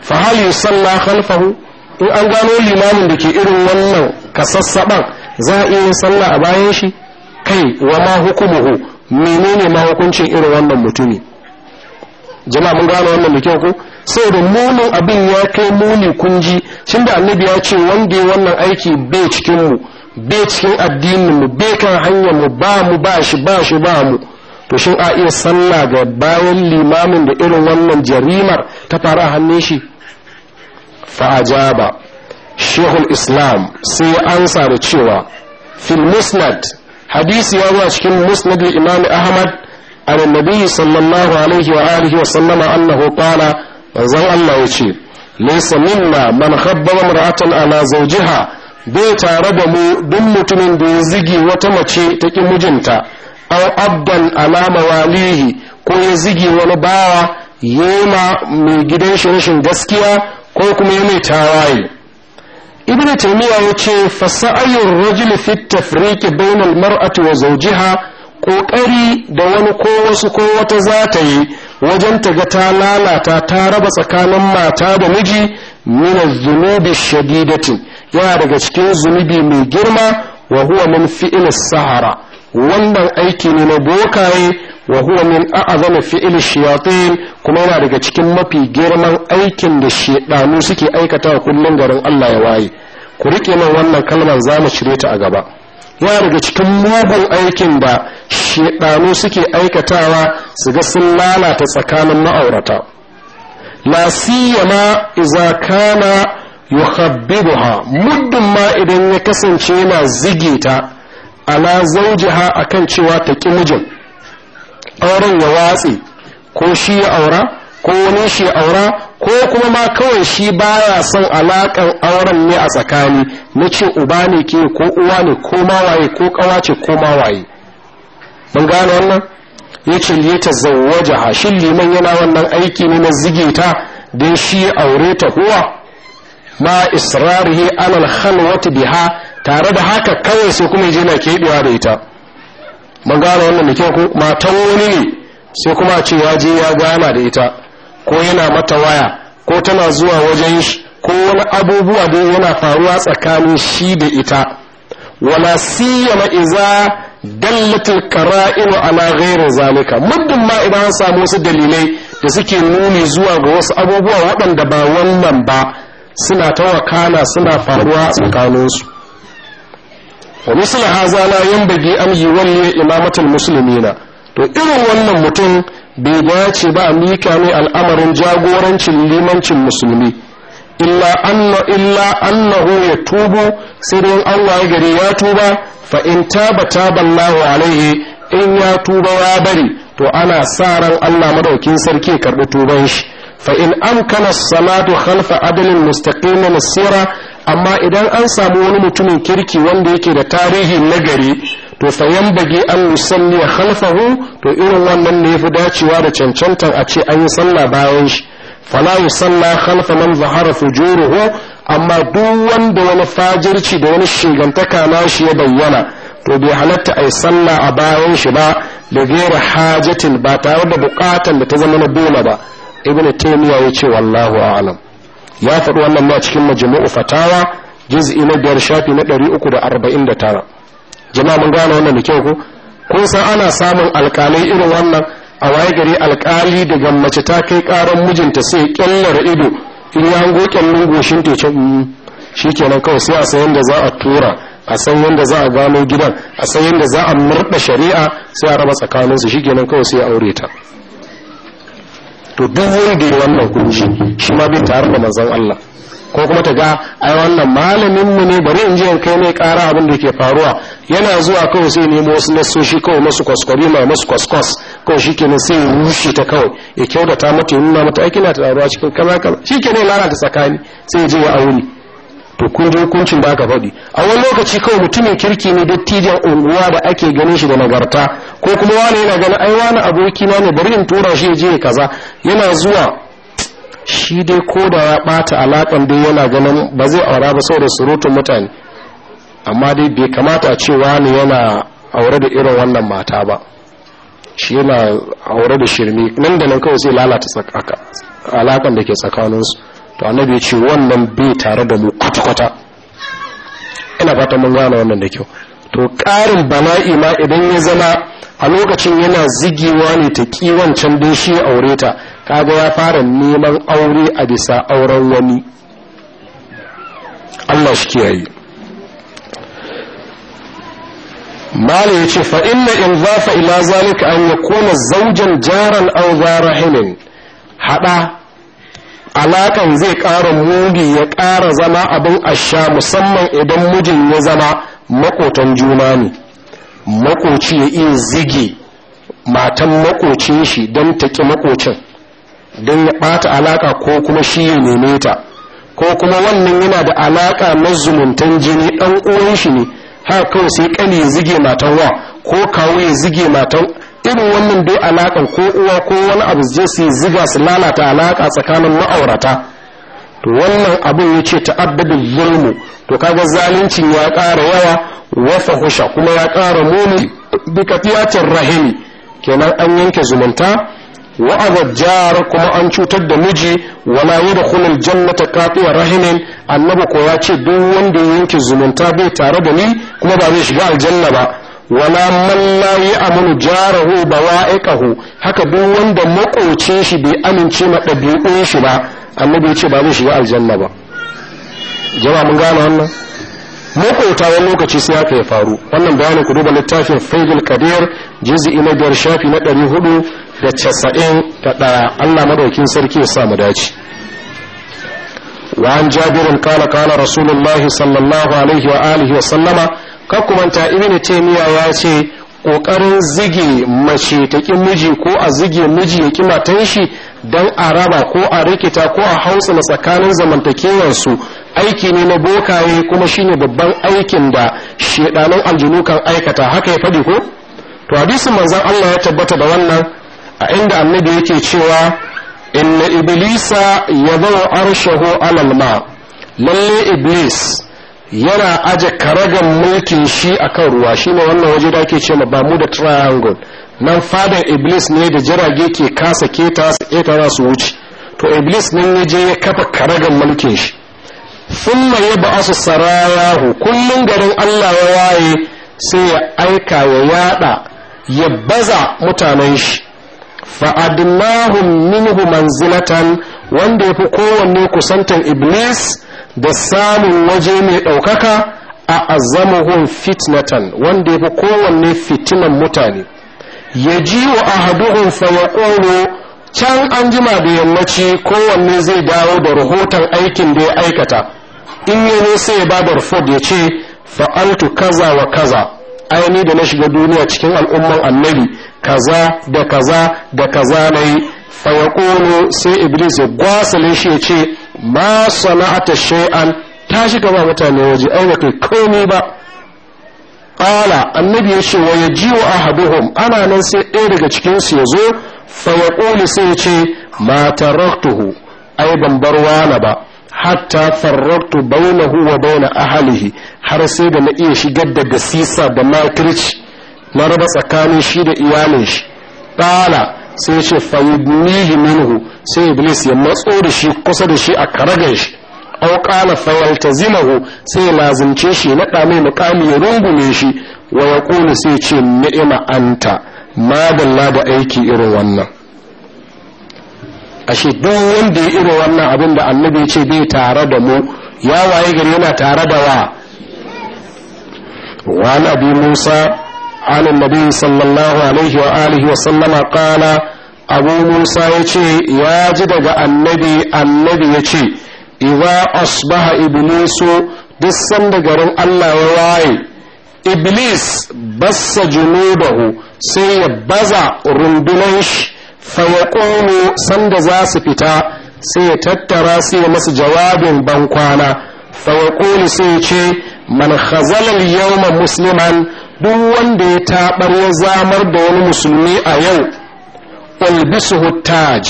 fa hal yusalla khalfahu in an gano limamin da ke irin wannan kasassaban za a iya salla sallah a bayan shi kai wa ma hukumuhu menene ma hukuncin irin wannan mutumi jama'a mun gano wannan da kyau ko saboda munin abin ya kai muni kunji tunda annabi ya ce wanda wannan aiki bai cikin mu bai cikin addinin mu bai kan hanyar mu ba mu ba shi ba shi ba mu to shin a iya sallah ga bayan limamin da irin wannan jarimar ta faru a hannun shi fa ajaba shehul islam sai ya ansa da cewa fil musnad hadisi ya zuwa cikin musnad imam ahmad an annabi sallallahu alaihi wa alihi wa sallama annahu qala manzon Allah yace ce laysa minna man khabbara mar'atan ala zawjiha bai tare da mu duk mutumin da ya zigi wata mace ta ƙi mijinta aw abdan alama walihi ko ya zigi wani bawa yema mai gidan shi rashin gaskiya ko kuma ya mai tawaye ibnu taymiya ya ce fasa'ayur rajul fi tafriq bayna al-mar'ati wa zawjiha kokari da wani ko wasu ko wata za ta yi wajen ta ga ta lalata ta raba tsakanin mata da miji min zunubi shadidati yana daga cikin zunubi mai girma wa huwa min sahara wannan aiki ne na bokaye wa huwa min a'azama fi'il shayatin kuma yana daga cikin mafi girman aikin da shedanu suke aikata kullum garin Allah ya waye ku rike min wannan kalmar za mu cire ta a gaba yana daga cikin mugun aikin da shedanu suke aikatawa su ga sun lalata tsakanin ma'aurata la siyama idza kana yukhabbiruha ma idan ya kasance yana zige ta ala zawjiha akan cewa ta ki mijin auren ya watse ko shi ya aura ko wani shi aura ko kuma ma kawai shi baya son alakan auren ne a tsakani na ce uba ne ke ko uwa ne ko mawaye ko kawace ko mawaye mun gane wannan ya ce ta zawaja shin liman yana wannan aiki ne na zigeta ta don shi aure ta huwa ma israrihi alal khalwati biha tare da haka kawai sai kuma je na kebewa da ita mun gane wannan da ku? ko matan wani ne sai kuma ce ya je ya gana da ita ko yana mata waya ko tana zuwa wajen shi ko wani abubuwa da yana faruwa tsakanin shi da ita wala siyama iza dallatul qara'inu ala ghairi zalika muddin ma idan an samu wasu dalilai da suke nuni zuwa ga wasu abubuwa waɗanda ba wannan ba suna ta wakana suna faruwa a tsakaninsu wa misal haza la yanbaghi an yuwalli imamatul muslimina to irin wannan mutum bai dace ba a mika ne al'amarin jagorancin limancin musulmi illa anna illa annahu yatubu sai dai Allah ya gari ya tuba fa in taba taballahu alaihi in ya tuba ya bari to ana sa ran Allah madaukin sarki karbi tuban shi fa in amkana salatu khalfa adalin na sira amma idan an samu wani mutumin kirki wanda yake da tarihi nagari to sayan bagi an musalli khalfahu to irin wannan ne yafi dacewa da cancantar a ce an yi sallah bayan shi fala yusalla khalfa man zahara fujuruhu amma duk wanda wani fajirci da wani shigantaka na shi ya bayyana to bai halatta a yi sallah a bayan shi ba da gaira hajatin ba tare da bukatan da ta zama na bola ba ibn taymiya ya ce wallahu a'lam ya faɗi wannan ma cikin majmu'u fatawa juz'i na biyar shafi na 349 jama'a mun gane wannan da kyau ko kun san ana samun alkalai irin wannan a waye gari alkali daga mace ta kai ƙaran mijinta sai kyallar ido in ya hango kyallon goshin ta mm, shi kenan kawai sai a san yadda za a tura a san yadda za a gano gidan a san yadda za a murɗa shari'a sai a raba tsakaninsu shi kenan kawai sai a aure ta to duk wanda ya wannan kunshi shi ma bai tare da manzon Allah ko kuma ta ga ai wannan malamin mu ne bari in je in kai mai kara abin da ke faruwa yana zuwa kawai sai nemo wasu nasoshi kawai masu kwaskwari mai masu kwaskwas kawai shi kenan sai ya rushe ta kawai ya kyautata mata ya nuna mata aikina ta ruwa cikin kaza kaza shi kenan lalata tsakani sai je ya aure to kun ji hukuncin da aka faɗi a wani lokaci kawai mutumin kirki ne dattijan unguwa da ake ganin shi da nagarta ko kuma wani yana ganin ai wani aboki ma ne bari in tura shi ya je kaza yana zuwa shi dai ko da ya ɓata alakan dai yana ganin ba zai aura ba saboda surutun mutane amma dai bai kamata cewa ne yana aure da irin wannan mata ba shi yana aure da shirme nan da nan kawai zai lalata alakan da ke tsakaninsu to annabi ce wannan bai tare da mu kwata-kwata ina fata mun gane wannan da kyau to ƙarin bala'i ma idan ya zama a lokacin yana zigewa ne ta ƙi wancan dai shi aure ta kaga ya fara neman aure a bisa auren wani Allah shi kiyaye mala ya ce na in za fa ila zalika an ya kona zaujan jaran an rahimin haɗa alaƙan zai ƙara mugi ya ƙara zama abin asha musamman idan mijin ya zama makotan juna ne makoci ya iya zige matan makocin shi don taƙi makocin don ya ɓata alaka ko kuma shi ya neme ta ko kuma wannan yana da alaka na zumuntan jini ɗan uwan shi ne har kawai sai ƙani ya zige matan wa ko kawo ya zige matan irin wannan dai alakan ko uwa ko wani abu zai su ziga su lalata alaka tsakanin ma'aurata to wannan abin ya ce ta'addadin zulmu to kaga zalincin ya ƙara yawa wa fahusha kuma ya ƙara muni bi rahimi kenan an yanke zumunta wa jar kuma an cutar da miji wala yadkhulu aljannata qati'a rahimin annabi ko ya ce duk wanda ya yanke zumunta bai tare da ni kuma ba zai shiga aljanna ba wala man la ya'munu jarahu bawa'iqahu haka duk wanda makocin shi bai amince ma ɗabi'un shi ba annabi ya ce ba zai shiga aljanna ba jama'a mun gane wannan makota wani lokaci sai aka ya faru wannan bayanin ku duba littafin faidul kadir juz'i na biyar shafi na ɗari hudu da casa'in da ɗaya allah maɗaukin sarki ya sa mu dace وعن جابر قال قال رسول الله wa الله عليه وآله وسلم ككمنتا ابن ya ce ƙoƙarin zige mace ta ki miji ko a zige miji ya ƙi matan shi don a raba ko a rikita ko a hausa na tsakanin zamantakewarsu aiki ne na bokaye kuma shine babban aikin da shedanan aljunu kan aikata haka ya faɗi ko to hadisin manzon Allah ya tabbata da wannan a inda annabi yake cewa inna iblisa yadau arshahu alal lalle iblis yana aje karagan mulkin shi akan ruwa Shi ne wannan waje da ake ce ma bamu da triangle nan fadan iblis ne da jirage ke kasa keta su keta su wuce to iblis nan ya je ya kafa karagan mulkin shi thumma yab'asu sarayahu Kullum garin Allah ya waye sai ya aika ya yada ya baza mutanen shi fa'adnahum minhu manzilatan wanda ya fi kowanne kusantan iblis da samun waje mai ɗaukaka a azamuhun fitnatan wanda ya fi kowanne fitinan mutane ya ji wa ahaduhun fayaƙoro can an jima da yammaci kowanne zai dawo da rahoton aikin da ya aikata in yi sai ya ba da ya ce fa'altu kaza wa kaza aini da na shiga duniya cikin al'umman annabi kaza da kaza da kaza na yi fayakunu sai iblis ya gwasale shi ya ce ma sana'ata shay'an ta shiga ba mutane waje ai ba kai komai ba qala annabi ya ce wa a ahaduhum ana nan sai ɗaya daga cikin su ya zo fayakunu sai ya ce ma taraktuhu ai ban bar wani ba hatta farraktu bainahu wa baina ahalihi har sai da na iya shigar da gasisa da makirci na raba tsakanin shi da iyalin shi ɗala sai ce fayudnihi minhu sai iblis ya matso da shi kusa da shi a karagar shi aw qala fayaltazimahu sai ya lazimce shi na dame mukami ya rungume shi wa yaqulu sai ce ni'ma anta madalla da aiki irin wannan ashe duk wanda ya iri wannan abin da annabi ce bai tare da mu ya waye gari yana tare da wa wa na bi musa alin da bi sallallahu alaihi wa alihi wa sallama kala abu musa ya ce ya ji daga annabi annabi ya ce iwa asbaha ibnisu duk sanda garin allah ya waye iblis basa jini da hu sai ya baza rundunan shi fayaƙomu sanda za su fita sai ya tattara sai ya masu jawabin bankwana fayaƙoli sai ce man khazalal yawma musliman duk wanda ya tabar ya zamar da wani musulmi a yau ulbisuhu taj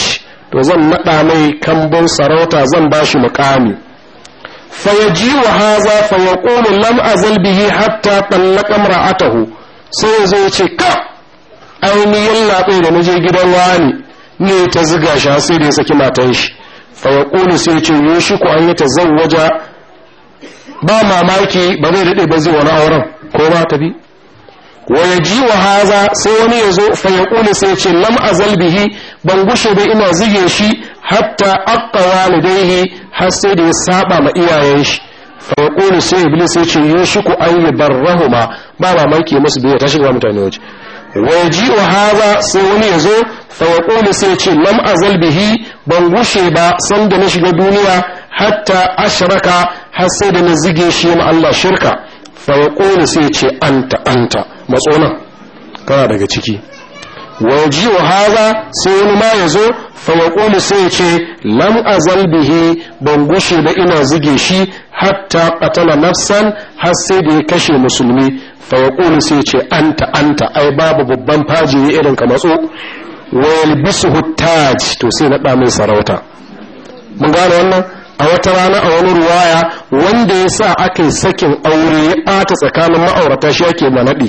to zan naɗa mai kambun sarauta zan ba shi muƙami fayaji wa haza fayaƙomu lam azal bihi hatta tallaka mar'atahu sai ya zo ce ka ainihin labai da naje gidan wani ne ta ziga shi sai da ya saki matan shi fa yaqulu sai ce yoshi ko an yi ta zawwaja ba mamaki ba zai dade ba zai wani auren ko ba ta bi wa yaji wa haza sai wani ya zo fa ya yaqulu sai ce lam azal bihi ban gushe da ina zige shi hatta aqqa walidayhi har sai da ya saba ma iyayen shi faƙulu sai iblis ya ce ko an yi barrahuma ba mamaki musu biya ta shiga mutane waje waji haza sai wani ya zo fayaqulu sai ce lam azal bihi ban gushe ba san da na shiga duniya hatta ashraka har sai da na zige shi ma Allah shirka fayaqulu sai ce anta anta matsona kana daga ciki wa haza sai wani ma ya zo fa yaqulu sai ya ce lam azal bihi ban gushe ba ina zige shi hatta qatala nafsan har sai da ya kashe musulmi fa yaqulu sai ya ce anta anta ai babu babban fajiri irin ka matso wa yalbisuhu taj to sai na da mai sarauta mun gane wannan a wata rana a wani ruwaya wanda ya sa aka sakin aure ya ɓata tsakanin ma'aurata shi ake manaɗi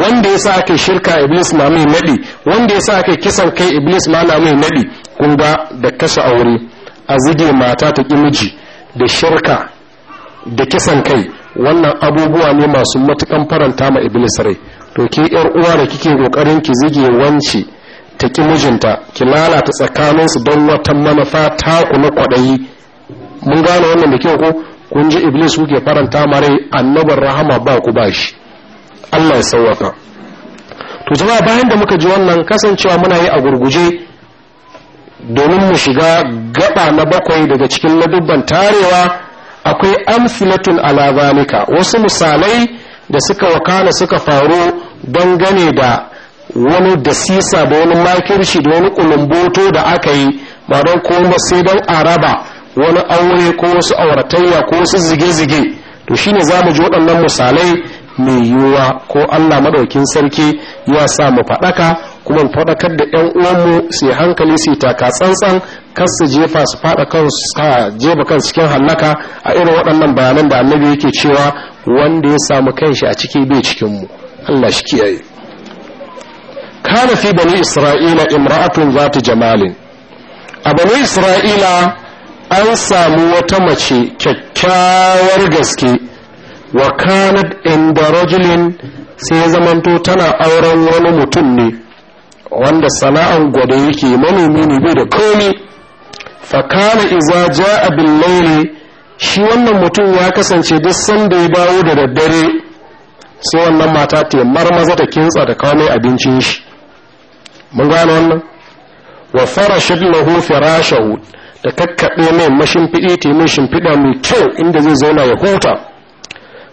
wanda ya sa aka shirka iblis na mai naɗi wanda ya sa aka kisan kai iblis ma na mai naɗi kun ga da kashe aure a zige mata ta ki miji da shirka da kisan kai wannan abubuwa ne masu matukan faranta ma iblis rai to ki yar uwa da kike kokarin ki zige wance ta ki mijinta ki lalata tsakaninsu don wata manufa ta na kwaɗayi mun gane wannan da kyau ko kun ji iblis kuke faranta ma rai annabar rahama ba ku ba shi Allah ya sauwaka to jama'a bayan da muka ji wannan kasancewa muna yi a gurguje domin mu shiga gaba na bakwai daga cikin ladubban tarewa akwai amsilatun ala zalika wasu misalai da suka wakana suka faru don gane da wani dasisa da wani makirshi da wani kulumboto da aka yi ba don koma sai don araba wani aure ko wasu auratayya ko wasu zige-zige to shine za mu ji waɗannan misalai mai yiwuwa ko allah maɗaukin sarki ya sa mu faɗaka kuma mu faɗakar da ƴan uwanmu su hankali su taka tsantsan kar su jefa su faɗa kansu jefa kan cikin hallaka a irin waɗannan bayanan da annabi yake cewa wanda ya samu kanshi a ciki bai cikin mu allah shi kiyaye kana fi bani isra'ila imra'atun zata jamalin a bani isra'ila an samu wata mace kyakkyawar gaske wa kanat inda rajulin sai ya zamanto tana auren wani mutum ne wanda sana'an gwada yake manomi ne bai da komi fakana iza ja'a bil laili shi wannan mutum ya kasance duk sanda ya bawo da daddare sai wannan mata ta marmaza ta kintsa da kawo mai abincin shi mun gano wannan wa farashid lahu firashahu da kakkaɓe mai mashimfiɗi ta mai shimfiɗa mai kyau inda zai zauna ya huta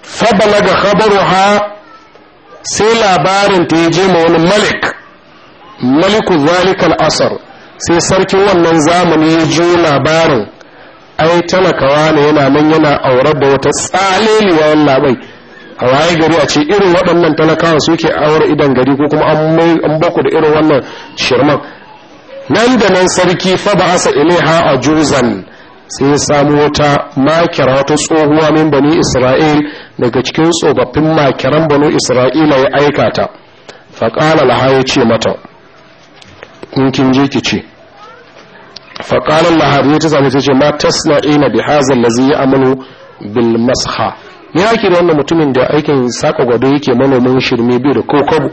fabalaga khabaruha sai labarin ta je ma wani malik maliku zalikal asar sai sarkin wannan zamani ya ji labarin ai talakawa ne yana nan yana aurar da wata tsaleliya wannan bai a waye gari a ce irin waɗannan talakawa suke aure idan gari ko kuma an baku da irin wannan shirman nan da nan sarki fa ba asa ilaiha a juzan sai ya samu wata makira wata tsohuwa min bani isra'il daga cikin tsofaffin makiran banu isra'ila ya aika ta faƙala laha ya ce mata in kin je ki ce faƙala laha ya ta zama ta ce ma tasna'ina bi hazal lazi ya amalu bil masha ya ake da wannan mutumin da aikin saka gwado yake manomin shirme biyu da kokobu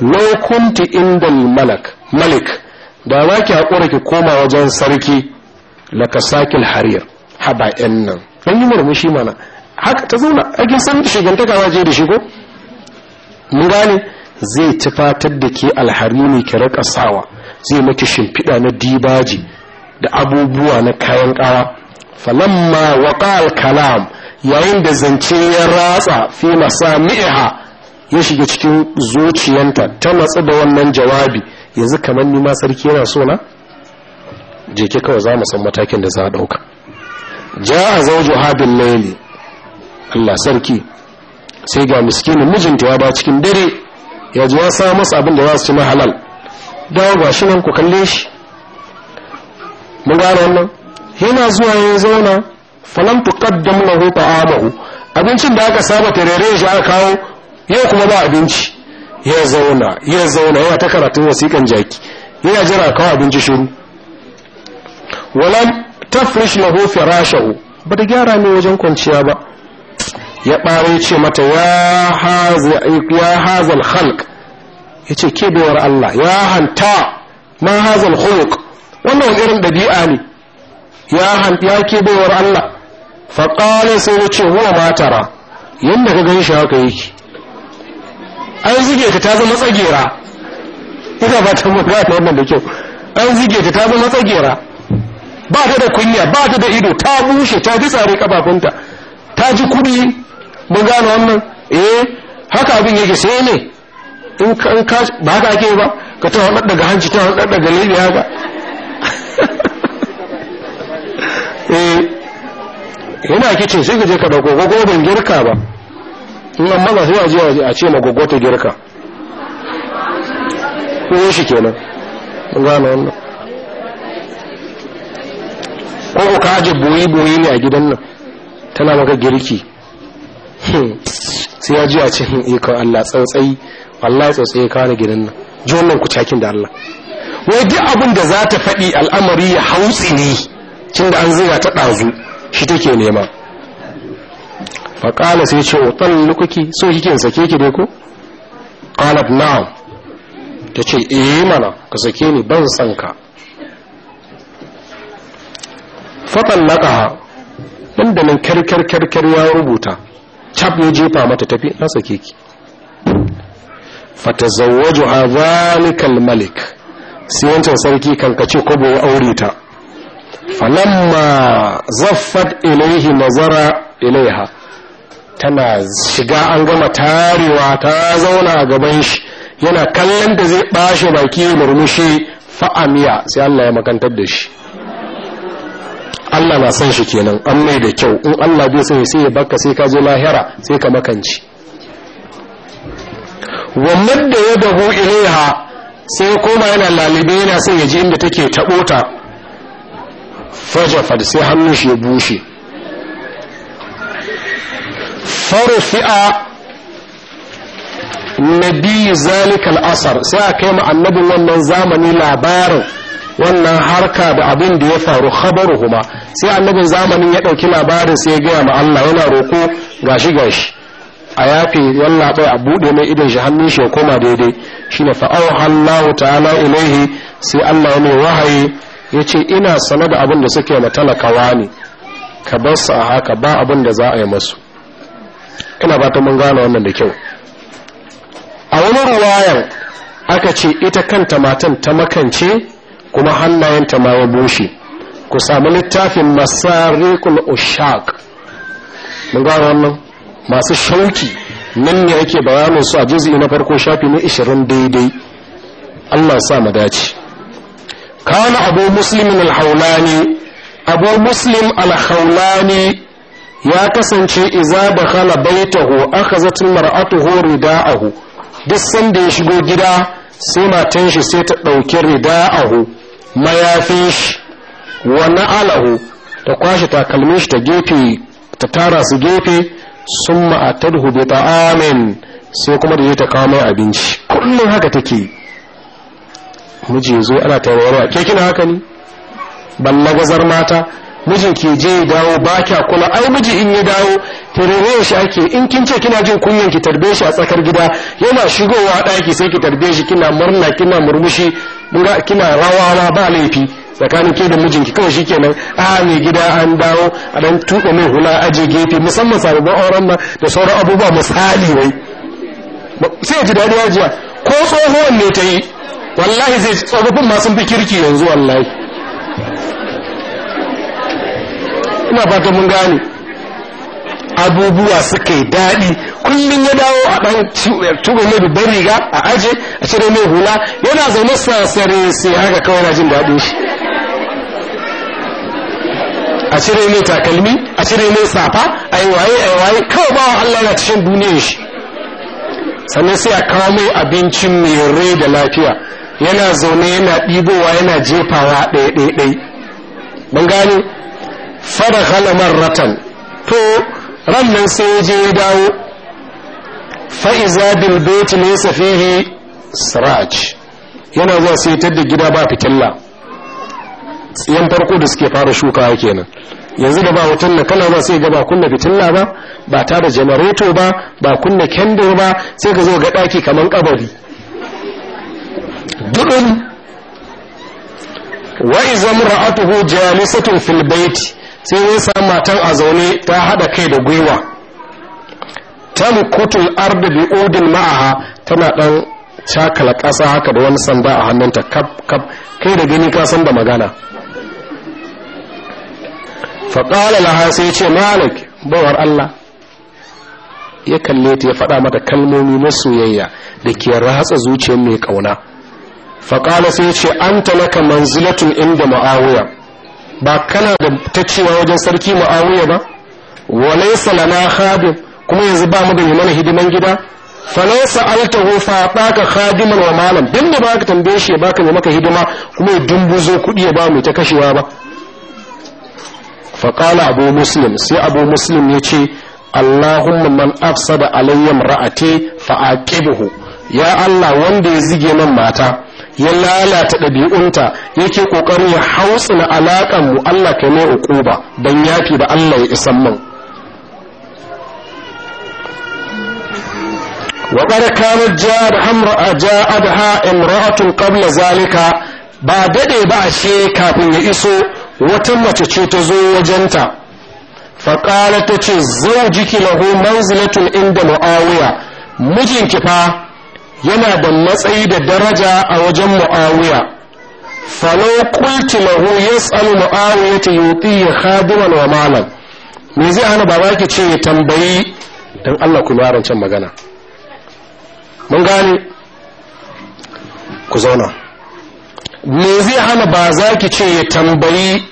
lau inda malak malik da za ki haƙura ki koma wajen sarki laka sakil harir haba yan nan an yi murmushi mana haka ta zauna ake san shigantaka waje da shi ko mun gane zai tufatar da ke alharini ki raka sawa zai maki shimfiɗa na dibaji da abubuwa na kayan ƙara falamma wa al-kalam yayin da zance ya ratsa fi masami'iha ya shiga cikin zuciyanta ta matsa da wannan jawabi yanzu kamar ni ma sarki yana so na je ke kawai za mu san matakin da za a ɗauka ja a zaujo habin laili Allah sarki sai ga miskinin mijinta ya ba cikin dare ya ji ya sa masa abin da za su ci na halal dawo ga shi nan ku kalle shi mun gane wannan yana zuwa ya zauna falam tuqaddam lahu ta'amahu abincin da aka saba tarere shi aka kawo yau kuma ba abinci ya zauna ya zauna ya ta karatun wasikan jaki yana jira kawo abinci shiru walam tafrish lahu firashahu ta gyara ne wajen kwanciya ba ya ɓaro ce mata ya hazal halk ya ce ke bewar Allah ya hanta ma hazal hulk wannan irin ɗabi'a ne ya ke bewar Allah faƙalin sai ya ce huwa matara yadda ka gani shi haka yake an zige ta ta zama tsagera ina ba ta mu ta wannan da kyau an zige ta ta zama tsagera ba ta da kunya ba ta da ido ta bushe ta ji tsare kafafunta ta ji kuɗi mun gane wannan eh haka abin yake sai ne in ka ba haka ake ba ka ta wadar daga hanci ta wadar daga lebe haka eh yana kice sai ka je ka dauko gogo ban girka ba in amma ba sai a je a ce ma gogo ta girka ko shi kenan mun gane wannan ko ka je boyi boyi ne a gidan nan tana maka girki Hmm. sai ya ji ce cikin hmm, eh ikon Allah tsantsai Allah tsantsai ya kawo na gidan nan ji wannan ku cakin da Allah wai duk abin da za ta faɗi al'amari ya hausi ne kin da an zuwa ta ɗazu shi take nema faƙala sai ce otan oh, lukuki so kike sake ki dai ko qalat na'am ta ce eh mana ka sake ni ban san ka fatan laqaha nan da nan karkar karkar ya rubuta cap ya jefa mata tafi na sake ki fatazawwaju a zalikal malik sai sarki kankace kobo ya aure ta falamma zaffat ilaihi nazara ilaiha tana shiga an gama tarewa ta zauna a gaban shi yana kallon da zai bashi baki murmushi fa'amiya sai Allah ya makantar da shi Allah na son shi kenan an mai da kyau in Allah bai sai sai ya baka sai ka zo lahira sai ka makanci wa ya yadahu ilaiha sai koma yana lalibe yana son ya je inda take tabota ta fajafad sai hannun shi ya bushe Faru fi'a nabi zalikal asar sai a kai ma annabin wannan zamani labarin wannan harka da abin da ya faru huma sai annabin zamanin ya ɗauki labarin sai ya gaya ma Allah yana roko gashi gashi a yafe yalla bai a bude mai idan shi hannun shi ya koma daidai shine fa Allah ta'ala ilaihi sai Allah ya wahayi yace ina sana da abin da suke ma talakawa ne ka bar su a haka ba abin da za a yi masu ina fatan mun gane wannan da kyau a wani ruwayan aka ce ita kanta matan ta makance kuma hannayenta ma ya bushe ku sami littafin masarikul ushaq mun ga wannan masu shauki nan ne yake bayanin su a juzi na farko shafi na 20 daidai Allah sa mu dace kana abu muslimin al-haulani abu muslim al-haulani ya kasance iza bakhala baitahu akhazat mar'atuhu rida'ahu duk sanda ya shigo gida sai matan shi sai ta dauki rida'ahu mayafin shi wa na'alahu ta kwashe takalmin shi ta gefe ta tara su gefe sun ma'atar hube ta amen sai kuma da ta kawo mai abinci kullum haka take miji zo ana tawarwa ke kina haka ne balla gazar mata mijin ke je dawo ba kya kula ai miji in ya dawo tarere shi ake in kin ce kina jin kunyan ki tarbe shi a tsakar gida yana shigowa ɗaki sai ki tarbe shi kina murna kina murmushi ga kina rawa na ba laifi tsakanin ke da mijinki kawai shi kenan a mai gida an dawo a dan tuɓa mai hula aje gefe musamman sababbin auren ma da sauran abubuwa misali wai sai ji daɗi ajiya ko tsohon ne ta yi wallahi zai tsofaffin masu fi kirki yanzu wallahi ina fata mun gane abubuwa suka yi daɗi kullum ya dawo a ɗan tuga mai babban riga a aji a cire mai hula yana zaune sasare sai haka kawai na jin daɗin shi a cire mai takalmi a cire mai safa a yi waye a yi waye kawai bawa Allah na cikin duniyar shi sannan sai a kawo mai abincin mai rai da lafiya yana zaune yana ɗibowa yana jefawa ɗaya ɗaya ɗaya mun gane fara halamar ratan to rannan sai je ya dawo fa'iza bil ne safihi siraj yana zuwa sai da gida ba fitilla tsiyan farko da suke fara shuka shukawa kenan yanzu da ba wutan na kana zuwa sai ga ba kunna fitilla ba ba ta da janareto ba ba kunna kyandir ba sai ka zo ga daki kamar kabari dudun wa iza mar'atuhu jalisatun fil sai ya sa matan a zaune ta haɗa kai da gwiwa tamkutul ardu bi udin ma'aha tana ɗan cakala ƙasa haka da wani sanda a hannunta kap kap kai da gani ka san da magana qala laha sai ce malik bawar allah ya kalle ta ya faɗa mata kalmomi na soyayya da ke ratsa zuciyar mai ƙauna qala sai ce an laka manzilatun inda ma'awuya ba kana da ta cewa wajen sarki mu'awiya ba walaysa lana khadim kuma yanzu ba mu da yi mana hidiman gida falau sa'altahu fa baka khadiman wa malam din da baka tambaye shi baka mai maka hidima kuma ya dumbuzo kuɗi ya ba mu ta kashewa ba fa qala abu muslim sai abu muslim ya ce allahumma man afsada alayya ra'ati fa aqibuhu ya allah wanda ya zige man mata ya lalata ɗabi'unta yake ƙoƙarin ya hausuna alaƙar mu Allah kai mai uquba dan yafi da Allah ya isan mun wa qad kanat a amra ha'in imra'atun qabla zalika ba daɗe ba ashe kafin ya iso wata mace ce ta zo wajenta faƙala ta ce zaujiki lahu manzilatun inda mu'awiya mijinki fa yana da matsayi da daraja a wajen mu'awiya falo kulti lahu yas'alu mu'awiya ta yuti khadiman wa malam me zai hana baba yake ce ya tambayi dan Allah ku yaran can magana mun gane ku zauna me zai hana ba za ki ce ya tambayi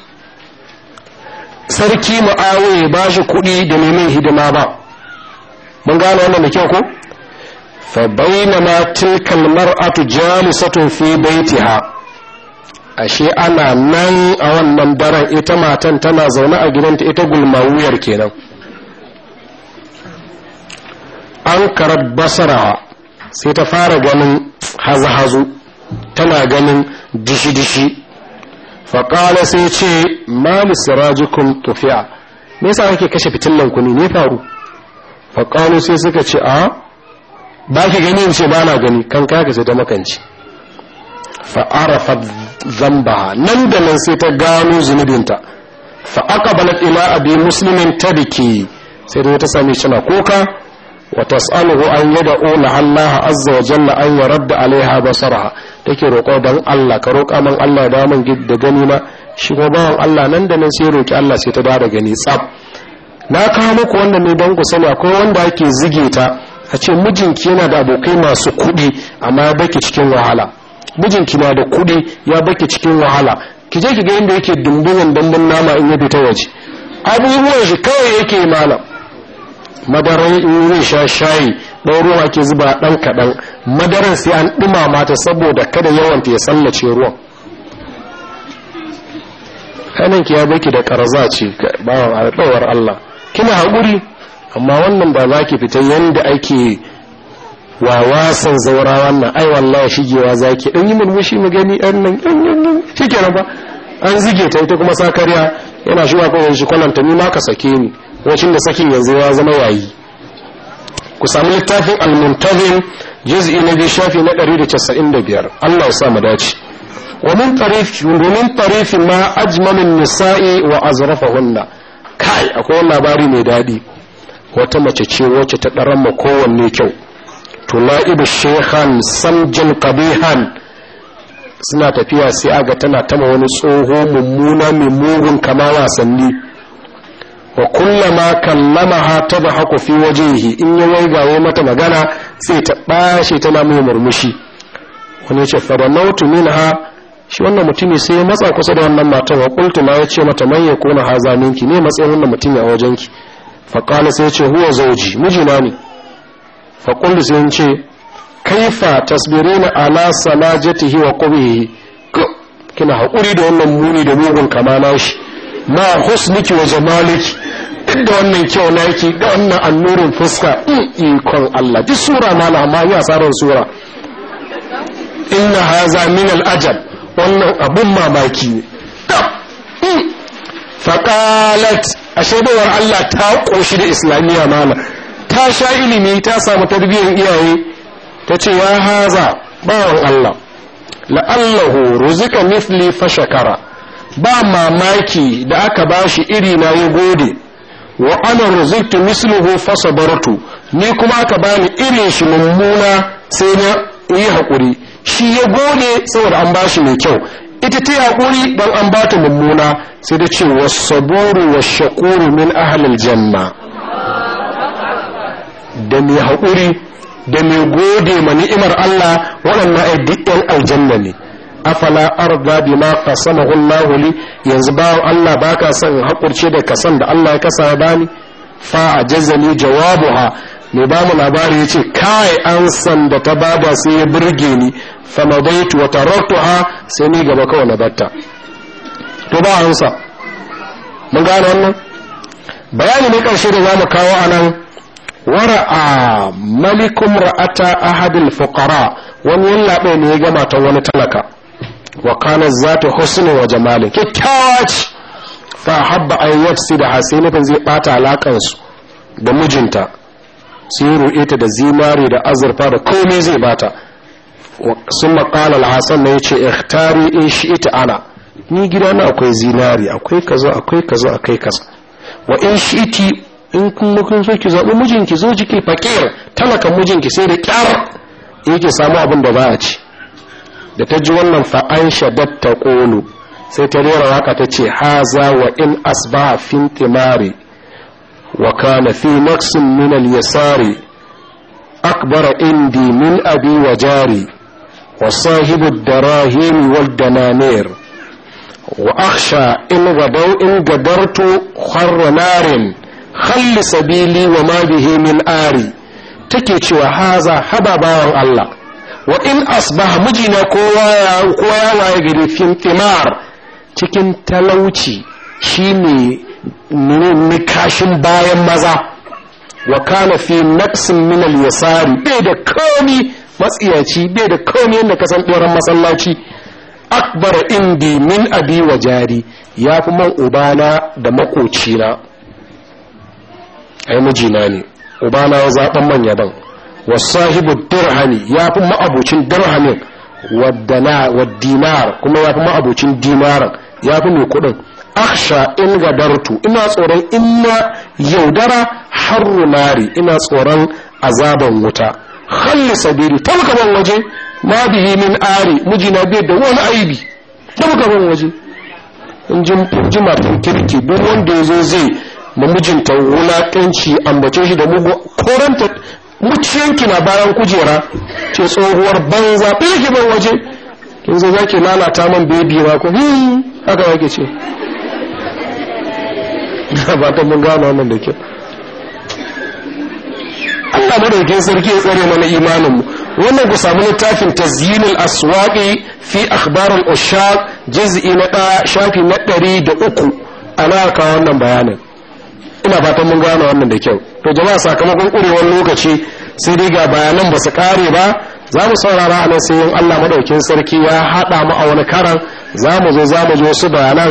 sarki mu'awiya ba shi kuɗi da neman hidima ba mun gane wannan da kyau ko fa bainama tilka almar'atu jalisatun fi baitiha ashe ana nan a wannan daren ita matan tana zaune a gidanta ita gulma wuyar kenan an karar basara sai ta fara ganin hazu-hazu tana ganin dishi-dishi faƙala sai ce malu sirajikun tufiya me yasa kake kashe fitillan ku ne faru faƙalu sai suka ce a ah, ba ki gani in ce ba na gani kan kaga sai ta makanci fa'arafa zambaha nan da nan sai ta gano zunubinta fa'aqbalat ila abi muslimin tabiki sai da wata sami shi na koka wa tas'aluhu an yad'u la Allah azza wa jalla an yarda alaiha basaraha take roƙo dan Allah ka roƙa man Allah da man min da gani ma shi ko bawan Allah nan da nan sai roƙi Allah sai ta dara gani tsab na kawo muku wanda mai don ku sani akwai wanda ake zige ta a ce mijinki yana da abokai masu kuɗi amma ya baki cikin wahala mijinki na da kuɗi ya baki cikin wahala ki je ki ga inda yake dumbuzan dambun nama in ya fita waje abubuwan shi kawai yake malam madarar in yi sha shayi ɗan ruwa ke zuba ɗan kaɗan madaran sai an ɗuma ta saboda kada yawan ta ya sallace ruwan hannun ki ya baki da ƙarza ce a ɗauwar Allah kina haƙuri amma wannan ba za ki fita yadda ake wasan zaura wannan ai wallahi shigewa za ki yi murmushi mu gani ɗan nan ɗan nan nan shi ba an zige ta ita kuma sakariya yana shiwa kan shi kwananta ni ma ka sake ni wacin da sakin yanzu ya zama yayi ku sami littafin al-muntazim juz'i na biyu shafi na 195 Allah ya sa mu dace wa min tarif domin tarif ma ajmal nisa'i wa azrafahunna kai akwai labari mai dadi wata mace ce wacce ta ɗarama kowanne kyau tula'ibu shehan samjin kabihan suna tafiya sai aga tana tama wani tsoho mummuna mai mugun kama wasanni wa kullama ba haku fi yi in ya waigawo mata magana sai ta bashi tana mai murmushi wani ce min ha shi wannan mutumi sai ya matsa kusa da wannan matan wa kultu ma ce mata manya yakuna ha minki ne matsayin wannan mutumi a wajenki ki faƙala sai ce huwa zauji mijina ne faƙullu sai ce kaifa tasbirina ala salajatihi wa qubihi kina haƙuri da wannan muni da mugun kama shi ma husniki wa jamaliki duk da wannan kyau naki da wannan annurin fuska ikon Allah duk sura mala amma ya tsarin sura inna haza min al'ajab wannan abun mamaki ne ashe bawar Allah ta koshi da islamiyya mala ta sha ilimi ta samu tarbiyyar iyaye ta ce ya haza bawan Allah la'allahu ruzika mithli fa shakara ba mamaki da aka ba shi iri na ya gode wa ana ruziktu misluhu fa sabartu ni kuma aka bani irin shi mummuna sai na yi hakuri shi ya gode saboda an bashi mai kyau ita ta haƙuri don an ba ta mummuna sai ta ce wasaburu wa shakuru min ahalil janna da mai haƙuri da mai gode ma ni'imar Allah waɗannan ai duk aljanna ne afala arda bima qasamahu Allah li yanzu ba Allah baka son hakurce da kasan da Allah ya kasa bani fa ajazani jawabuha mai ba mu labari ya ce kai an sanda ta bada sai ya burge ni famadaitu wa ha sai ni gaba kawai na batta to ba hansa mun gane wannan bayani ne karshe da zamu kawo anan wara'a malikum ra'ata ahadil fukara wani yallaɓe ne ya gama ta wani talaka wa kana zata husnu wa jamalin kyakkyawa fa habba an yafsi da zai bata alakansu da mijinta sai Ita ta da Zimari da azurfa da komai zai bata sun maƙala alhassan na yace ikhtari in shi ita ana ni gida na akwai zinari. akwai kaza akwai kaza akwai kaza wa in shi iti in kun kun so ki zaɓi mijinki zo jiki fakir talaka mijinki sai da ƙyar yake samu abin da ba a ci da ta ji wannan fa'an shaddat ta ƙolu sai ta rera waka ta ce haza wa in asba fintimari timari وكان في نقص من اليسار أكبر عندي من أبي وجاري وصاحب الدراهم والدنانير وأخشى إن غدوا إن قدرت خر نار خل سبيلي وما به من آري تكيتش وهذا هبا باور الله وإن أصبح مجينا كوايا كوايا ويغري في انتمار cikin talauci shi ne nikashin bayan maza wa kana fi naqsin min al-yasari bai da komi matsiyaci bai da komi yadda ka san doran masallaci akbar indi min abi wa jari ya fi man ubana da na ai mijina ne ubana ya man manya ban wasahibu dirhami ya fi ma'abocin dirhamin wa dinar kuma ya fi ma'abocin dinaran ya fi mai kuɗin aksha in gadartu ina tsoron inna yaudara harru nari ina tsoron azaban wuta khalli sabiri tabka ban waje ma bihi min ari mijina bai da wani aibi tabka ban waje in ji ta kirki duk wanda zai zo zai ma mijinta wulakanci ambace shi da mugu koranta muciyanki na bayan kujera ce tsohuwar banza bai ban waje kin zo zaki lalata man bebi ba ko haka yake ce ina ba ta mun gano wannan da kyau Allah madaukin sarki ya tsare mana imanin mu wannan ku samu littafin tazyinul aswaqi fi akhbarul ushaq juz'i na da shafi na 103 ana ka wannan bayanin ina fatan mun gano wannan da kyau to jama'a sakamakon kurewar lokaci sai dai ga bayanan ba su kare ba za mu saurara a nan sai Allah madaukin sarki ya hada mu a wani karan za mu zo za mu zo su bayanan